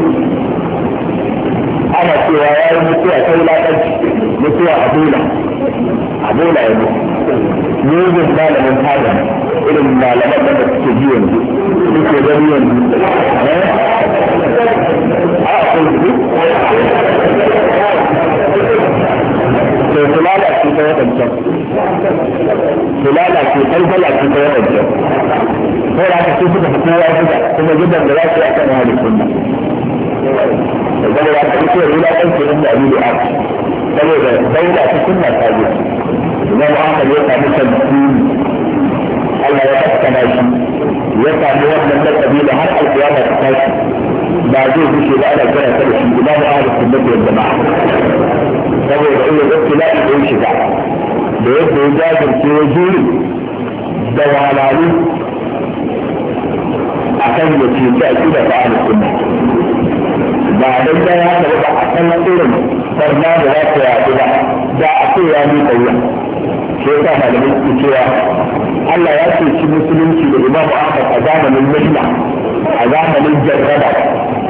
ana cewa ya yi mutuwa ta wulaƙanci mutuwa abula abula ya mutu mugun malamin fada irin malaman da da suke biyan suke gani yanzu a akwai su to sulala ce ta wadancan sulala ce kalbala ce ta wadancan ko da aka ce suka fi kowa suka kuma gidan da za su yi akan halin sunna da zama ya ta fito da wulaƙanci da abin da aka saboda daula ta sunna ta gudu imam ahmad ya samu tabbini Allah ya tabbata shi ya samu wannan lakabi da har alƙiyama ta tashi ba zai fice ba ana kira ta da shi imam ahmad sunnati wal jama'a saboda iya gaskiya da yin shiga da yadda ya jajirce ya jure da wahalalu a kan da ce ta aƙida ta ahlus sunna ba dan ya haka ba a kan irin barna da za ta yaɗu ba da a ce ya miƙa wuya shi yasa malamai suke cewa Allah ya ce shi musulunci da Imam Ahmad a zamanin Mihna a zamanin Jarraba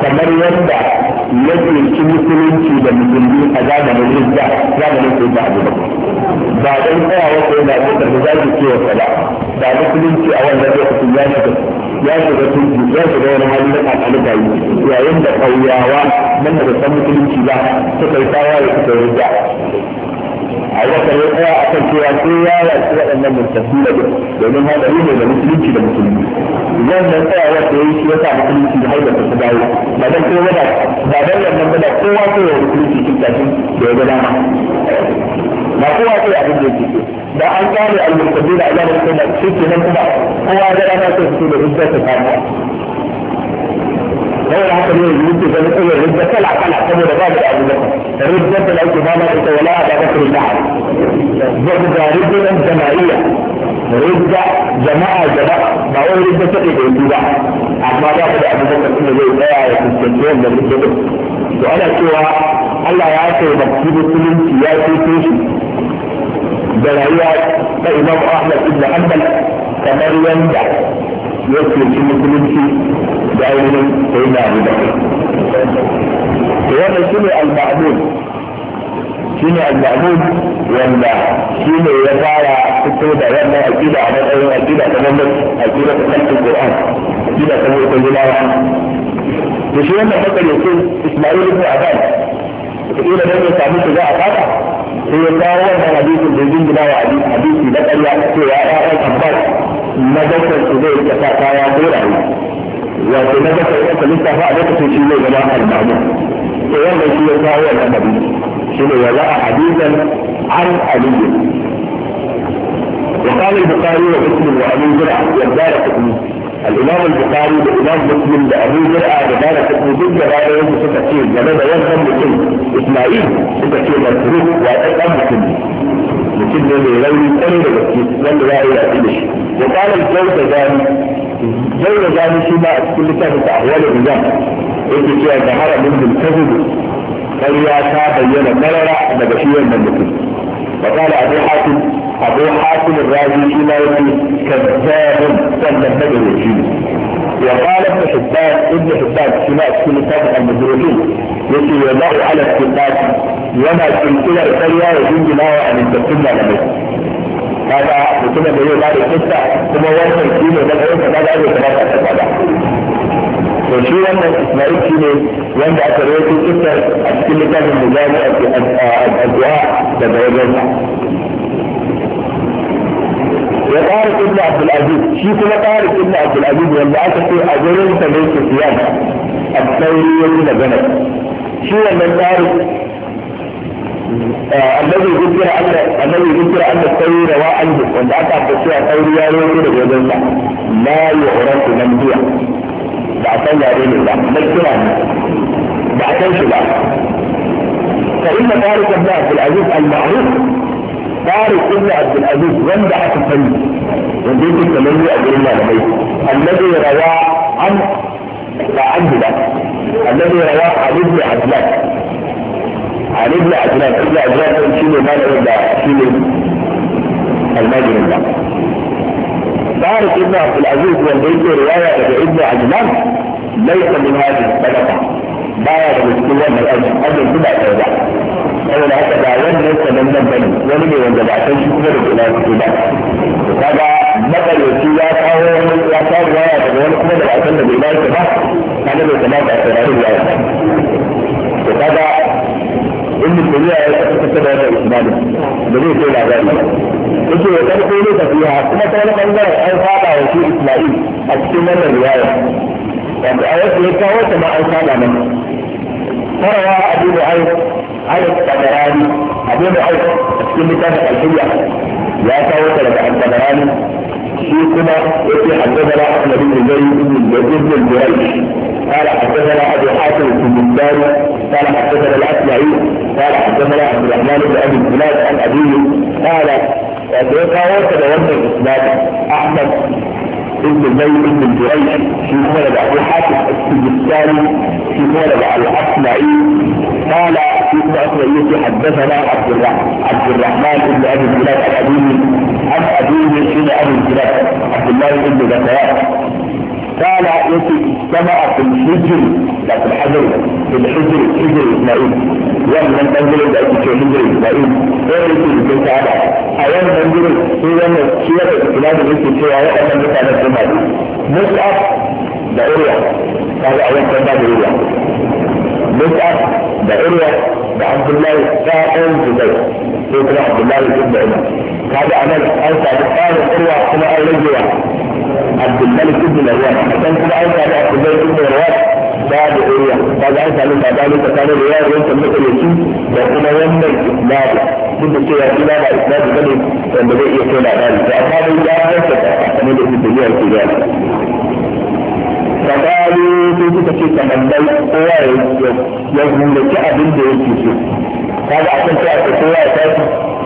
kamar yadda ya ce musulunci da musulmi a zamanin Rizda zamanin Rizda Abu ba don tsayawa ko da su da za su ce wa ba musulunci a wannan lokacin ya shiga ya shiga tunji ya shiga wani hali na kakalika yi yayin da ƙauyawa nan da san musulunci ba suka yi tawa da suka yi da a wata ya tsaya a kan cewa sai ya yaci waɗannan mutafi da domin haɗari ne da musulunci da musulmi wannan tsayawa da ya yi shi ya musulunci da haɗa su dawo ba dan kowa ba ba dan wannan ba da kowa ko ya musulunci cikin da ya ga dama ba kowa sai abin da yake da an kare al-mustabi da azabul sunna shi ke nan kuma kowa da ana so su da hujja ta kama dawar haka ne yanzu yake ganin kowai rijja kala kala saboda ba da abin da rijja da ake ba ma ita wala da ka kare da ba da rijja jama'iyya rijja jama'a jama'a ba wai rijja take da yanzu ba amma ba da abin da zai tsaya ya fuskanci wannan rijja to ana cewa Allah ya ce da taimaki musulunci ya ceto shi da rayuwa ta Imam Ahmad ibn Hanbal kamar yanda ya ceci musulunci da ainihin sai na Abu Bakar. To wannan shine al-ma'mun shine al-ma'mun wanda shine ya fara fito da wannan aqida a matsayin aqida ta nan aqida ta kallon Qur'an aqida ta mutum da shi wannan bakar yake Isma'il ibn Abbas wataƙila don ya samu shiga a fata sai ya kawo wannan hadisin da jingina wa hadisi na ƙarya cewa ya'yan abbas na dakar su zai rika sa kaya doraye wato na dakar ya ka lissafa a lokacin shi zai zama al-ma'mun to wannan shi ya kawo wannan hadisi shi ne ya za'a hadisan an aliyu وقال البخاري ومسلم وابو زرع والدار قطني الإمام البخاري والإمام مسلم لأبو زرع لبارة ابن جدة بعد يوم ستة كيل لماذا ينظم مسلم إسماعيل ستة كيل مفروض وأتقام مسلم مسلم من يلوي تاني لبسيط لن لا يأتيش وقال الجوزة ذلك الجوزة ذلك فيما كل تهت أحوال الرجال إذ كي ظهر من الكذب فليا تبين مرر نبشيا من مسلم وقال أبو حاتم أبو حاتم الرازي فيما يقول كذاب سنة بدر الجيل وقال ابن حبان ابن حبان سماء كل سنة المدرسين يسير الله على السلطات وما سلطنا إسرية يجين بما أن يتبقنا لهم هذا مثل ما يقول هذا القصة ثم وصل الدين ودفعه فقال أبو ثلاثة سبعة وشو أن إسماعيل كيني وأن أكريتي كتر أتكلم عن المجال الدعاء لدرجة وطارق ابن عبد العزيز شي كما طارق ابن عبد العزيز ولا aka ce a gurin الثوري ne Sufyan شو من طارق آه، الذي ذكر أن الذي ذكر أن الثوري روى عنه وأن أتى بشيء الثوري يا رسول الله لا يعرف من هو بعثان يا رسول الله ما الكلام بعثان شباب فإن طارق بن عبد العزيز المعروف فارس ابن عبد العزيز ومدح في الفريق وديت التمني اجر الله عليه الذي روى عن تعبد الذي رواه عن ابن عجلان عن ابن عجلان ابن عجلان كان شنو مال ولا شنو المجر الله فارس ابن عبد العزيز وديت رواية لابن عجلان ليس من هذه البلدة ما يعرف السلام من اجل اجل بلا saboda haka ba wanda ya sanan nan bane wani ne wanda ba san shi kuma da kula su ba kaga matsalaci ya kawo ya kawo waya daga wani kuma da ba san da bai ba shi ba kaga bai kamata a saurari waya ba to kaga ibn Taymiyyah ya tafi da wannan isnadi da zai kai labari yake ya karko ne tafiya kuma ta wani bangaren an saba wa shi Isma'il a cikin wannan riwaya wanda a wasu ya kawo ta ma an saba mana فروى أبو نعيم على الطبراني أبو عوف تكون بتابع الحية يا كوثر الطبراني في كما يأتي حدثنا أحمد بن زيد بن زيد بن جريش قال حدثنا أبو حاتم بن قال حدثنا الأسمعي قال حدثنا عبد الرحمن بن أبي الزناد عن أبيه قال وأتوقع وصل وصل الإسلام أحمد ابن زيد بن جريج في ولد أبو حاتم السجستاني في ولد الأصمعي قال في كما أقرأ إليك حدثنا عبد الرحمن عبد الرحمن بن أبي الكلاب الأبيني عن أبيه بن أبي الكلاب عبد الله بن زكريا قال يتي اجتمع في الحجر لا في الحجر في الحجر حجر إسماعيل يوم من تنزل إلى أي حجر إسماعيل ويأتي بكل تعالى أيام تنزل هو أن الشيخ الإسلام يأتي شيئا وأن مثلا الجمال مصعب دائرة قال أيام تنزل إلى بدء بعروة بعبد الله فاعل زبي سيد عبد الله ابن عمر هذا عمل أنت بقال عروة كما أرجوا عبد الملك ابن مروان حسن كما أنت عبد الملك ابن مروان بعد عروة بعد أنت عبد الملك كان الرياض وانت ملك اليسين وكما يمنى الإسلام كنت كي يأتينا مع إسلام بني ومدئ يكون على ذلك فأخاب الله أنت أحسن من الدنيا الكبيرة فقالوا sai suka ce kamandai kowa ya mallaki abin da yake so kaga a kan cewa kowa ya tashi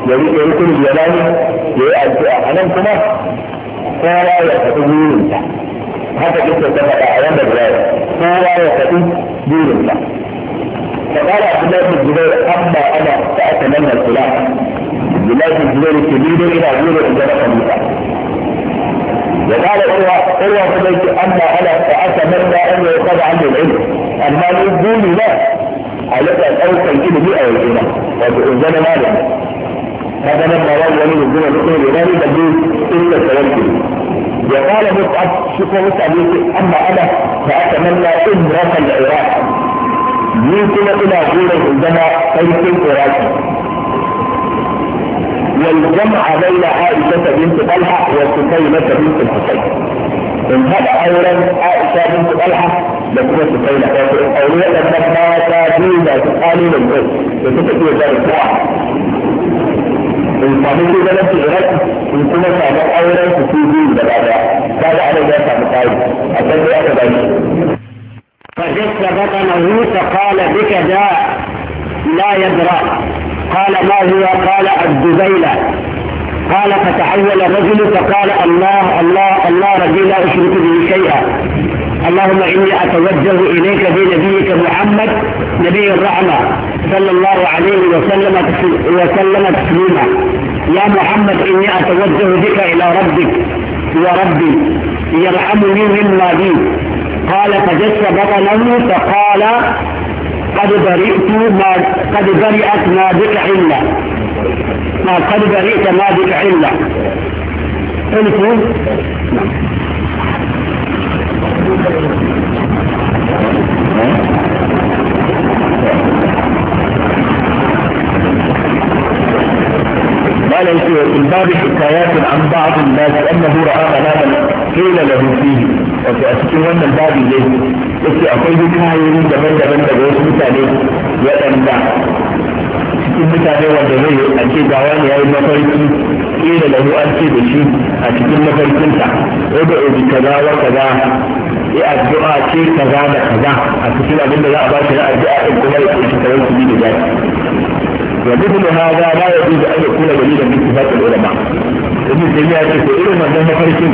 ya rike rukun yamani ya yi addu'a a nan kuma kowa ya tafi burinsa haka duk da faɗa a wanda zai kowa ya tafi burinsa فقال عبد الله بن الزبير اما انا فاتمنى الخلاف عبد الله بن الزبير كبير الى غير الجنه وقال اروى اروى فبيت اما انا فاتمنى ان يؤخذ عني العلم اما يقول لا عليك ان اوصل الى بيئه والغنى وتؤذن مالا هذا لما راى ولي الدنيا بكم الغنى بدي الا التوكل وقال مصعب شكرا مصعب يقول اما انا فاتمنى امرة العراق يمكن الى غير الزمن فيكون عراقي والجمع بين عائشة بنت طلحة وسكينة بنت الحسين إن هذا أولا عائشة بنت طلحة لكن سكينة اولا لما تاتين تقالين الأرض وتتكي ذلك واحد إن صامت إذا لم تغرق إن كنا صامت أولا تسيبين بالأداء هذا على ذلك مقايد أتبع أتبعي فجس بطنه فقال بك داء لا يدرأ قال ما هو قال الدبيلة قال فتحول الرجل فقال الله الله الله ربي لا أشرك به شيئا اللهم إني أتوجه إليك بنبيك محمد نبي الرحمة صلى الله عليه وسلم وسلم تسليما يا محمد إني أتوجه بك إلى ربك يا ربي يرحمني مما بي قال فجس بطنه فقال قد برئت ما قد برئت ما بك علة ما قد برئت ما بك علة ألفوا قال في الباب حكايات عن بعض الناس أنه رأى مناما قيل له فيه وتأتون الباب إليه yake akwai hikayoyi daban-daban daga wasu mutane waɗanda cikin mutane wanda zai yi a ce gawa ne ya yi mafarki ƙera lahu an ce da shi a cikin mafarkinsa ko da obi kaza wa kaza ya addu'a ce kaza da kaza a cikin abin da za a ba shi na addu'a ɗin kuma ya ƙunshi kawai su bi da jaki. da هذا لا يجوز أن يكون دليلا باتفاق العلماء. ابن تيمية يقول إنما ده مفرسين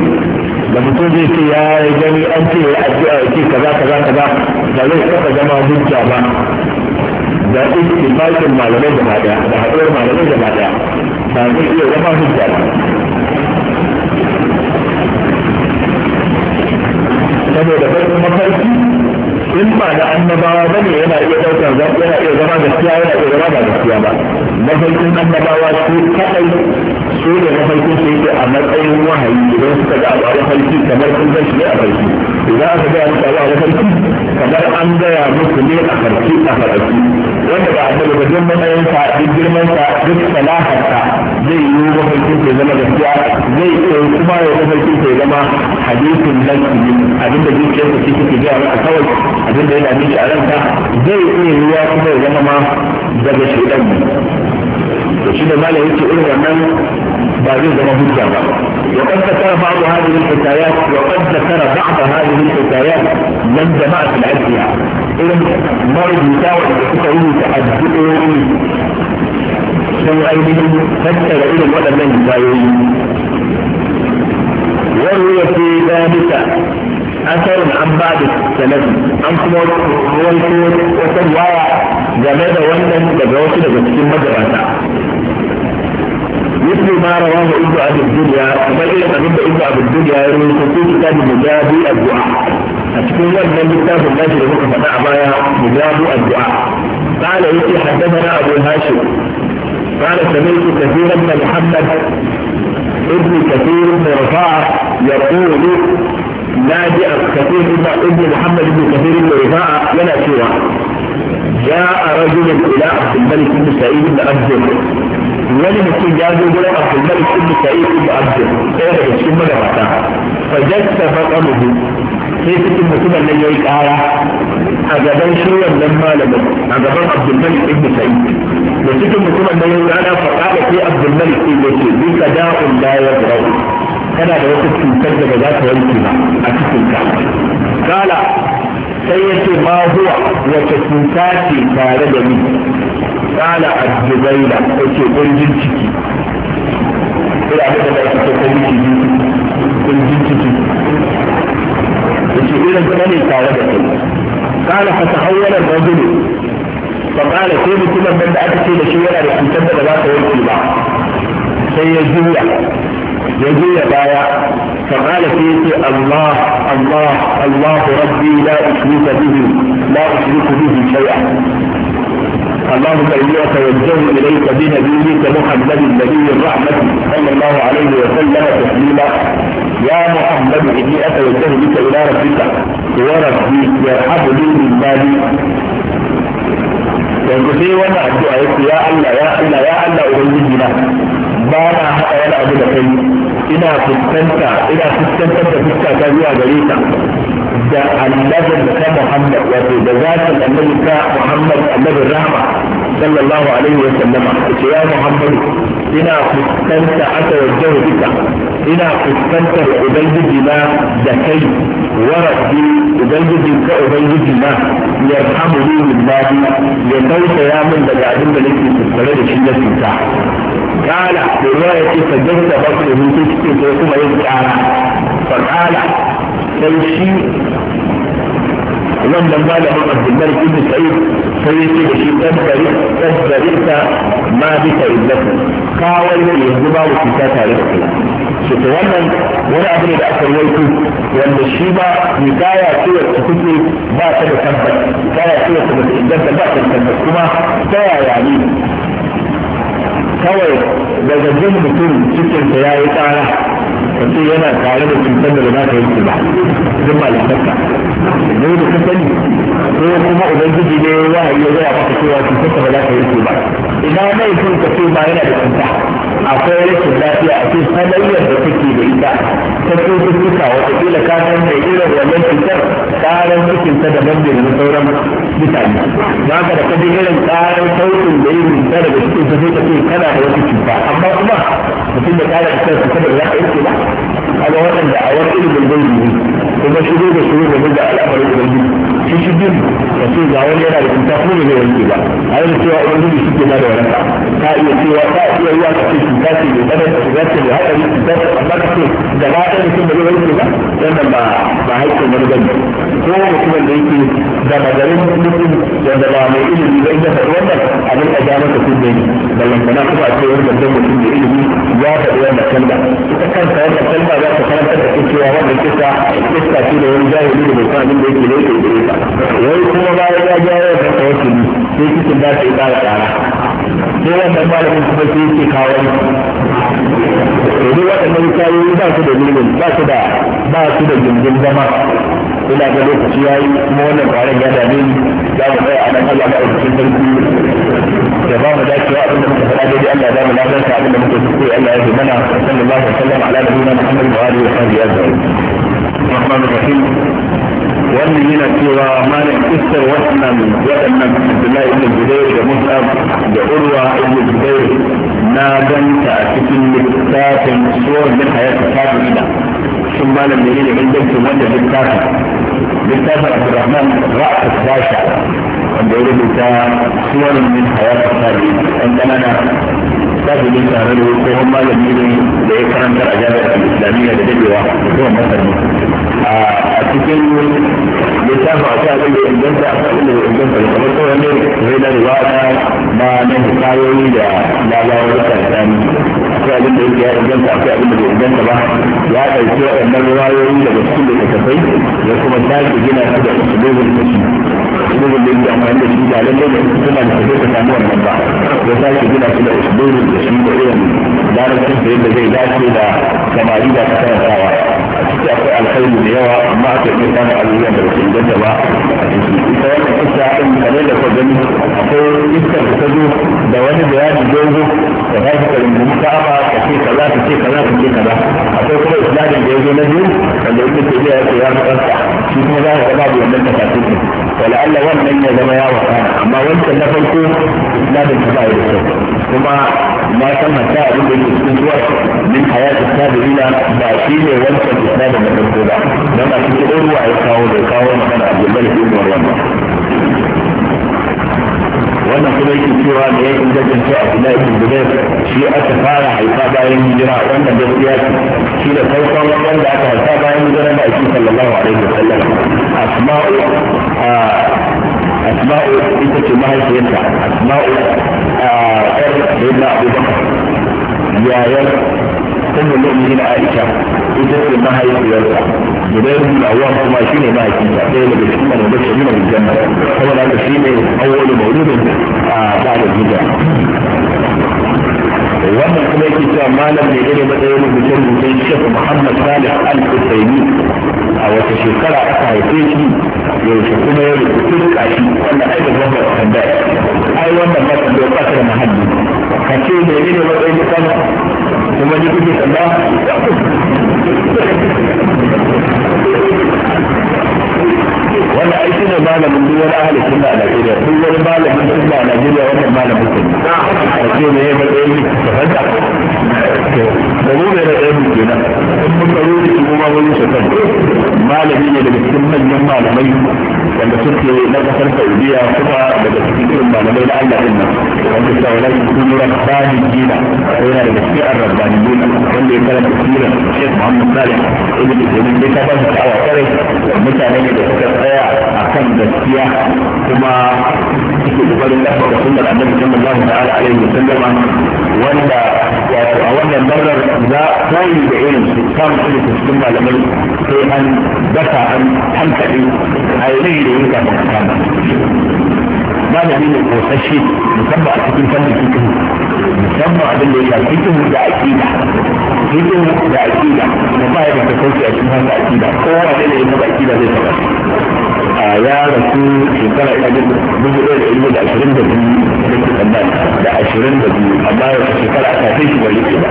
da mutum zai ce ya gani an ce ya addu'a ya ce kaza kaza kaza ba zai taɓa zama hujja ba da ittifaqin malamai da ba daya da haɗuwar malamai da ba daya ba zai iya zama hujja ba saboda mafarki in ba da annabawa ba ne yana iya ɗaukar yana iya zama gaskiya yana iya zama ba gaskiya ba mafarkin annabawa su kaɗai su da mafarkin su yake a matsayin wahayi idan suka ga abu a mafarki kamar sun zai shi a farki idan aka gaya musu abu a mafarki kamar an gaya musu ne a farki a farki wanda ba a sani ba duk matsayinsa duk girmansa duk salaharsa zai yi mafarkin ke zama gaskiya zai iya kuma ya mafarkin ke zama hadisin lanki abinda zuciyarsa ce take gaya masa kawai abinda yana miki a ranka zai iya yiwuwa kuma ya zama ma daga shaidan ne to shi da malam yake irin wannan بعدين زي وقد ذكر بعض هذه الحكايات وقد ذكر بعض هذه الحكايات من جماعة العلم إذا مرض يساوي تسوي تحدثون من أيديهم حتى إلى ولد من يساوي وروي في ذلك أثر عن بعض السلف عن كما رويته وترواية جميلة وأنه تجاوز لك في مدرسة مثل ما رواه ابن ابي الدنيا بل ان ابن ابي الدنيا يروي في كتاب مجاب الدعاء لك من كتاب الناس اللي ممكن فتح مجابي مجاب الدعاء قال يحيى حدثنا ابو هاشم قال سمعت كثيرا من محمد ابن كثير بن رفاعه يقول نادي كثير ابن محمد بن كثير بن رفاعه ولا سوى جاء رجل الى عبد الملك بن سعيد بن عبد wani mutum ya zo gurin abdulmalik ibn sa'id ibn abdul ɗaya daga cikin magabata fa jasta faqaluhu sai cikin mutumin nan yayi ƙara a gaban shi wannan malamin a gaban abdulmalik ibn sa'id da cikin mutumin nan yayi rana fa qala sai abdulmalik ibn yace bi kada'un la yadra'u kana da wata cutar da ba za ta wanke ba a cikin ka kala sai yace ma huwa wata cuta ce tare da ni قال الزبيلة يتي قرجين إلى هذا لا يتي قرجين تكي قرجين تكي يتي إلى الثاني قال قال فتحول الرجل فقال كيف كل من أكثر لشيئا لكي تبدأ لا تقول في بعض سيجوع يجوع بايا فقال فيه الله الله الله ربي لا أشرك به لا أشرك به شيئا اللهم اني اتوجه اليك بنبيك محمد النبي الرحمه صلى الله عليه وسلم تسليما يا محمد اني اتوجه بك الى ربك يا ربي يا حبل من بالي وجزي وما دعيت يا الله يا الله يا الله اريد ما ما انا حتى ولا ابدا ان اذا كنت انت اذا كنت انت تفكر كذا da annabin ta Muhammad wato da zatin annabi ka Muhammad annabin rahma sallallahu alaihi wa sallama ce ya Muhammad ina fuskanta aka wajjahu bika ina fuskantar ubangiji na da kai wa rabbi ubangiji ka ubangiji na ya ni min bani ya ya min daga abin da nake fuskare da shi na cuta قال برواية فجلس ko kuma yin يبكي fa kala sai shi ومن لم ماله عبد الملك بن سعيد سيدي بشيطان تاريخ تجدرت ما بك إذنك قاول يهدبا وكتا تاريخ شكرا ومن ولا أدري بأسر ويكو وأن الشيبا نكايه سوى تكتل باسر كمبت نكايه سوى تكتل إذنك باسر كمبت كما تايا يعني kawai daga jin mutum cikin ya yi tsara ce yana tare da cutar da ba ta yi ba jin malamarka ne da ka sani ko kuma ubangiji ne ya yi ya zaya maka cewa cutar da ba ta yi ba ina mai sun ka ce ba yana da cuta akwai rashin lafiya a cikin sanayyar da take da ita ta cututtuka watakila ka san da irin wannan cutar ƙarar cikinta da ban da sauran mutane za ka da kaji irin tsarin sautin da yin cuta daga cikin sa sai ka ce kana da wata cuta amma kuma mutum da ƙarar cutar su kada da za ka yi ce ba a ga waɗanda a wani ilimin ta kuma bai wanke ba a yi cewa ubangiji shi ke bada waraka ta iya cewa ta iya ruwa ta ce cuta ce mai tsanar da shiga ce mai haɗari cuta ce amma ta ce gaba ɗaya mutum bai wanke ba wannan ba ba haƙƙin wani bane ko mutumin da yake gama garin mutum wanda ba mai ilimi ba ya faɗi wannan abin a ja masa kun dai ballantana kuma a ce wani babban mutum da ilimi ya faɗi wannan kalma ita kanta wannan kalma za ta karantar da cewa wannan kisa kisa ce da wani jahili da bai san abin da yake ne ke ta wai kuma bayan ya jawo tawakkali sai cikin da sai ƙara ƙara sai wannan malamin kuma sai yake kawo to duk waɗannan kayoyi ba su da lulun ba su da ba su da gindin zama ina ga lokaci ya yi kuma wannan ƙwarin ya dame ni za mu tsaya a nan Allah ba a cikin sarki da ba mu dacewa abin da muka faɗa daidai Allah za mu labarta abin da muka kuskure Allah ya mana sallallahu alaihi wa sallam ala nabiyina Muhammad wa alihi wa sahbihi ajma'in الرحمن wannan yana cewa malam iskar wannan waɗannan abdullahi ibn zubair da mus'ab da urwa ibn zubair na ganta a cikin littafin suwar min hayatu tabi'ina shin malam ne ne ingancin wanda littafin littafin abdurrahman ra'at tasha wanda ya rubuta suwar min hayatu tabi'ina ɗan ƙanana tabi'in tare da tsohon malami ne da ya karantar a jami'ar islamiyya da dadewa da kuma masarni a cikin littafin a cikin da inganta a cikin da inganta da kamar kawai ne zai da ruwa na ma na hikayoyi da labarar rukar a cikin abin da yake ya inganta a abin da bai inganta ba ya ɗauki waɗannan ruwayoyi daga cikin da tafai ya kuma tashi gina su da usulobin da shi usulobin da yake amfani da shi ba da suna da tafi ta samu wannan ba ya tashi gina su da usulobin da shi da irin da yadda zai dace da samari da kasarantawa ce akwai alkhairi da yawa amma aka yi kan abubuwan da su inganta ba a ciki ita wannan iska ɗin kare da kwa gani akwai iskar da ta zo da wani bayani dogo da za ka rungumi ka'aba ka ce kaza ka ce kaza ka ce kaza akwai kuma islamin da ya zo na biyu wanda yake ce ya ce ya mutsarta shi kuma za ka ga babu wannan takatun ولعل wannan ya zama ya wakana amma wancan na farko islamin ta ba ya kyau kuma ما كان ساعد من السور من حياة التابعين باقين وانت الإسلام من الكوبا لما كنت أروى يقاوم يقاوم كان عبد الملك بن مروان wannan kuma yake cewa da yakin jajin sai a kula ibn Zubair shi aka fara haifa bayan hijira wannan gaskiya ce shi da farkon wanda aka haifa bayan hijira da ake sallallahu alaihi wasallam asma'u asma'u ita ce mahaifiyarta asma'u a yar da yana abubakar yayar kuma lokacin aisha ita ce mahaifiyarta jubair kuma shine ne mahaifinta ɗaya daga cikin manzon shi ne aljanna saboda haka shi ne awwalu mauludin a ba'da wannan kuma yake cewa malam ne gane matsayin rubuce rubucen shekhu muhammad salih al kusaini a wata shekara aka haife shi yaushe kuma ya rubutu kashi wannan aiki zama tambaya ai wannan ba ta da kasar mahalli ka ce ne ne matsayin kan kuma ni kuke sanda wannan ai shine malamin duk wani ahli sunna a Najeriya duk wani malamin sunna a Najeriya wannan malamin sunna ka ce ne matsayin na kasar saudiya kuma daga cikin irin malamai na allah din nan wanda ta wani sun rabbani gina ko yana daga cikin an rabbani gina wanda ya karanta sirar shek muhammad salih ibn ibrahim ne ta ba shi sha'awa kwarai mutane ne da suka tsaya a kan gaskiya kuma suke kokarin dafa da sunnar annabi sallallahu ta'ala alaihi wa sallama wanda wato a wannan barar za ta yi da irin su samun irin su cikin malamai sai an dafa an hankali a yanayi da yin kafin Ba malami ne kosashe musamman a cikin fannin fikihu musamman abin da ya shafi fikihu da aqida fikihu da aqida kuma ba ya da takauci a cikin haka aqida ko da ne ya ba aqida zai taba a ya rasu shekara ina jin dubu ɗaya da ilmi da ashirin da biyu da ke sannan da ashirin da biyu amma ya rasu shekara aka kai shi wani ke ba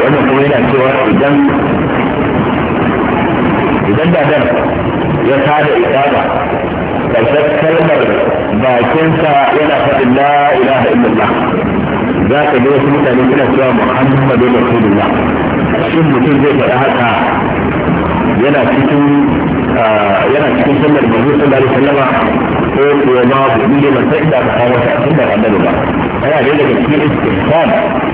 wannan kuma yana cewa idan idan da dan ya tada ikama karshen kalmar bakinsa yana faɗin la ilaha illallah za ka ga wasu mutane suna cewa muhammadu rasulullah shin mutum zai faɗa haka yana cikin yana cikin sallar manzo sallallahu alaihi wasallama ko kuwa babu inda ba sai da ka kawo ta da annabi ba yana da daga cikin istihsan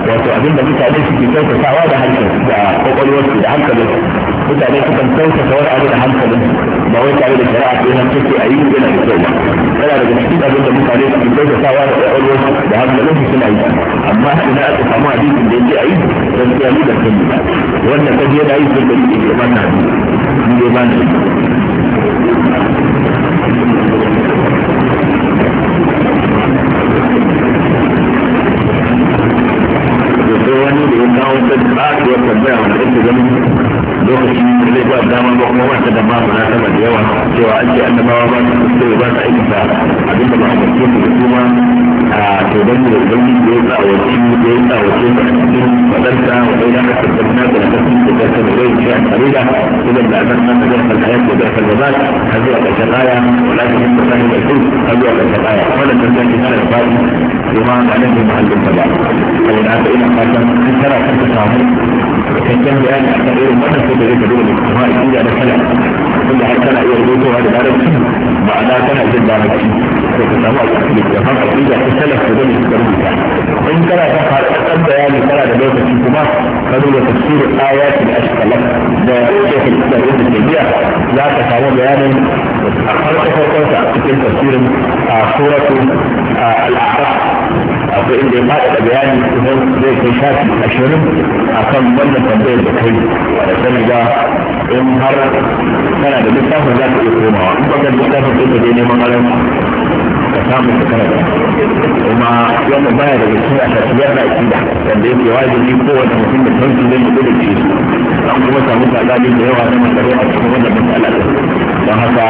wato abinda mutane suke kyautatawa da hankali da su da hankalinsu mutane su kan kauta kawar abu da hankalin ba wai tare da shari'a ko nan take a yi yana da kyau kada daga cikin abin da mutane su sauka sawa da ƙwaƙwalwar da hankalin su suna yi amma ina aka samu hadisin da yake a yi don su yi da sani wannan ta je da yi sun da yake ke mana hadisi ne ba ma munasaba da yawa cewa an ce annabawa ba su kuskure ba su aikata abinda ba a da su a to dan ne dan ne da ya tsawaci da ya tsawaci da cikin wadanta wadai da aka na da aka tabbata da aka tabbata da aka tabbata idan da aka da da aka tabbata da da tabbata har zuwa ƙarshen aya wala ta hinta sani da su har zuwa ƙarshen aya wanda ta san ki tana da fadi kuma ba nan ne mahallin da ba saboda haka ina fatan an tara ka samu da bayani da irin wannan sai da da ka dole kuma da inda da kala tunda har kana iya rubutowa da larabci ma'ana kana jin larabci ko ka samu littafan aƙida ta salaf da zai suka rubuta in kana da faɗaɗɗen bayani kana da lokaci kuma ka duba tafsirin ayatul ashkalam da shekul islam ibn taymiya za ka samu bayanin a farko farkonsa a cikin tafsirin a suratu al-a'raf akwai inda ya bada da bayani kuma zai kai shafi ashirin a kan wannan tambayar da kai da sani ga in har kana da littafin za ka iya komawa in baka da littafin sai ka je neman alamma samu sakara karanta kuma baya da cikin a tafiyar da wanda yake wajibi kowane mutum da sauki zai yi da ce su an kuma samu saɓani da yawa na matsaro a cikin wannan matsala don haka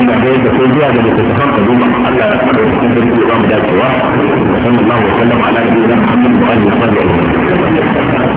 ina da yadda ko zuwa ga littattafan ka zuwa Allah ya fara cikin ba mu dacewa sallallahu alaihi wa sallam ala nabiyina Muhammad wa alihi wa